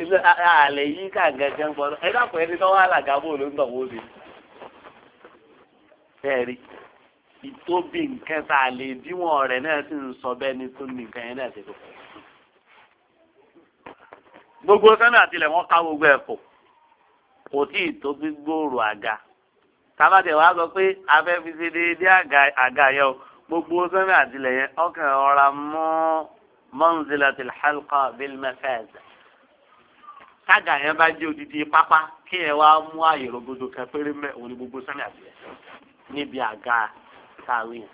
àlè yí ká gẹ́gẹ́ gbọ́dọ̀ ẹ dàpọ̀ ẹni tó wà làgàbò ló ń tọ̀ wó sí. bẹ́ẹ̀ni ìtóbi nǹkan tá a lè díwọ̀n rẹ̀ náà sì ń sọ bẹ́ẹ̀ ni tó ní nǹkan yẹn náà ti tó. gbogbo sẹ́fẹ̀ àtìlẹ̀ wọ́n ká gbogbo ẹ̀ pọ̀ kò tí ì tó gbígbòòrò àga kábàtẹ̀ wàá sọ pé afẹ́fisẹ́ déédéé àga yẹn gbogbo sẹ́fẹ̀ àtìlẹ̀ yẹn ọkàn ọ̀ra mọ́ manzilatil halqa bil mafaz kága yẹn bá jẹ́ odidi pápá kí ẹ wá mú àyè rògbòdò kan péré mẹ́ òun ni gbogbo sẹ́mi àti ẹ̀ níbi àga káwé yẹn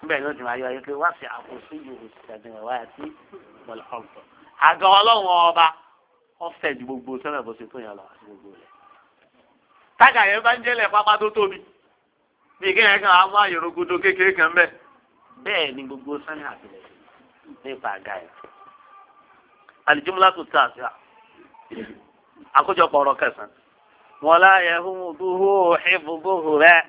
níbẹ̀ ni ó ti máa yọ ayé pé wá sí àkóso yòówù ìtàgé ẹ̀ wáyà sí wọlé ọ̀gbọ̀n àga ọlọ́run ọba ọ̀fẹ́ ju gbogbo sẹ́mi àbọ̀sẹ̀ tó yàn lọ àti gbogbo rẹ̀ kága yẹn bá ń jẹ́lẹ̀ pápá tó tóbi bí kéèyàn kan á mú àyè rògbòdò kékeré kan bẹ́ẹ̀ bẹ́ẹ̀ ni gbogbo sẹ́mi àti ẹ̀ nípa àga yẹn. alijumulatu taasiya àkójọpọ̀ ọ̀rọ̀ kẹsàn-án. wala yahuduhu hifduhu rẹ̀.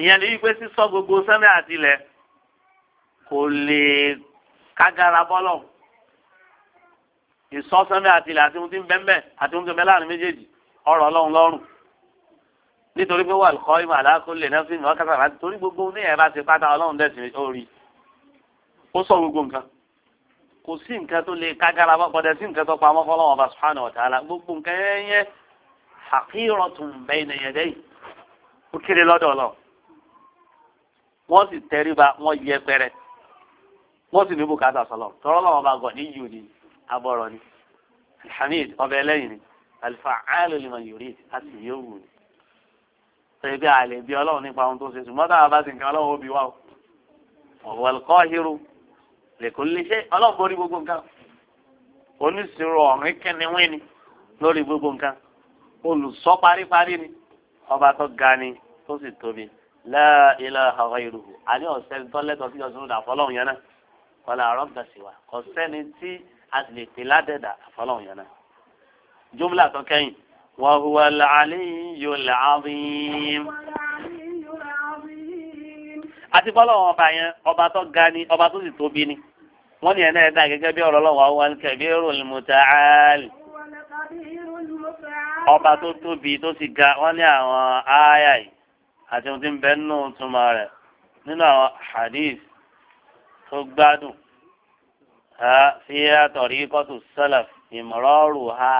ìyẹn ni wípé sísọ gbogbo sẹ́mẹ́ àtilẹ̀ kò lè kágara bọ́lọ̀ ìsọ sẹ́mẹ́ àtilẹ̀ àti ohun tí ń bẹ́ńbẹ́ àti ohun tí ń bẹ́ láàrin méjèèjì ọ̀rọ̀ ọlọ́run lọ́rùn nítorí pé wà lùkọ́ ìmọ̀ àlákòólè náà fi mọ̀ kásá láti torí gbogbo ní ẹ̀rá ti pátá ọlọ́run dẹ̀sìn orí ó sọ gbogbo nǹkan kò sí nǹkan tó lè kágára bá pọ̀dẹ̀ sí nǹkan tó pa mọ́ fọlọ́wọ́n bá subhanahu wa ta'ala gbogbo nǹkan yẹn yẹn haqiratun bayna yadayhi ó kéré lọ́dọ̀ lọ wọ́n sì tẹríba wọ́n yẹ pẹrẹ wọ́n sì ní bùkátà sọlọ tọrọ lọ́wọ́ bá gọ̀ ní yìí ni abọ́rọ̀ ni alhamid ọbẹ̀ lẹ́yìn ni alfa'alu liman yurid àti yóò ni sọ̀rọ̀ bí àlè bí ọlọ́run nípa ohun tó ṣe ṣùgbọ́n táwọn bá ti nǹkan ọlọ́run ó bí wá o ọ̀wọ́l kọ́hírù lẹ́kọ̀ọ́ lè ṣe ọlọ́run borí gbogbo nǹkan oníṣirò ọ̀rìn kẹ́niwín ni lórí gbogbo nǹkan olùsọ paríparí ni ọba tó ga ni tó sì tóbi la ilaha ghayruhu àní ọ̀sẹ́ni tó lẹ́tọ̀ọ́ ọ̀sùn ìdá fọlọ́hùn yẹn náà kọlá rabba وهو العلي العظيم àti fọlọ́wọ́n ọba yẹn ọba tó ga ni ọba tó sì tóbi ni wọ́n ní ẹ̀ná ẹ̀dá gẹ́gẹ́ bí ọ̀rọ̀ lọ́wọ́ àwọn alkabiru mutaali ọba tó tóbi tó sì ga wọ́n ní àwọn ááyà yìí àti ohun tí ń bẹ nínú túmọ̀ rẹ̀ nínú àwọn hadith tó gbádùn fi àtọ̀rí kọ́tù salaf ìmọ̀rọ̀rù ha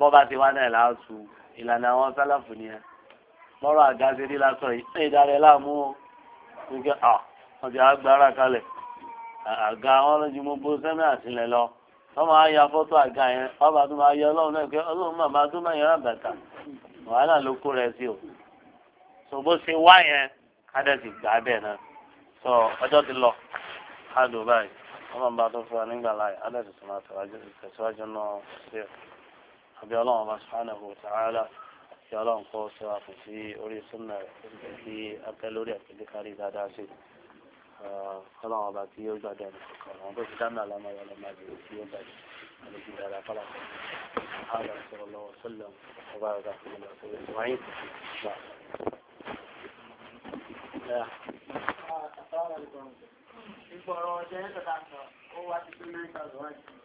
bọ́ba ti wá náà láàṣù ìlànà àwọn sálàfù nìyẹn lọ́rọ̀ àgáṣeré lásán yìí ṣé ìdárẹ̀ láàmú o wíkẹ́ à wọ́n ti agbára kalẹ̀ àga wọn lójú mo bó sẹ́mi àtìlẹ̀ lọ wọ́n máa ya fọ́tò àga yẹn bàbá tó máa yẹ ọlọ́run náà pé ọlọ́run màmá tó máa yẹra bàtà wàhálà ló kó rẹ sí o tó bó ṣe wá yẹn kádẹ́ ti gbà bẹ́ẹ̀ náà sọ ọjọ́ ti lọ ádùn báyìí wọ́n máa bá tó fún wa nígbà láì adẹ́sì ربي الله عنه سبحانه وتعالى رضي الله عنه سواك في أولي سنة في أبدال أولي أبدالكاري ذا داسي فلا ما بعد في يوزا دين فكرة وانتو سدامنا لما يولما بيو في يوزا دين على جيدا لا فلا هذا صلى الله عليه وسلم وبارك الله فيه وعين شكرا لا أقرأ لكم لا أقرأ لكم لا أقرأ لكم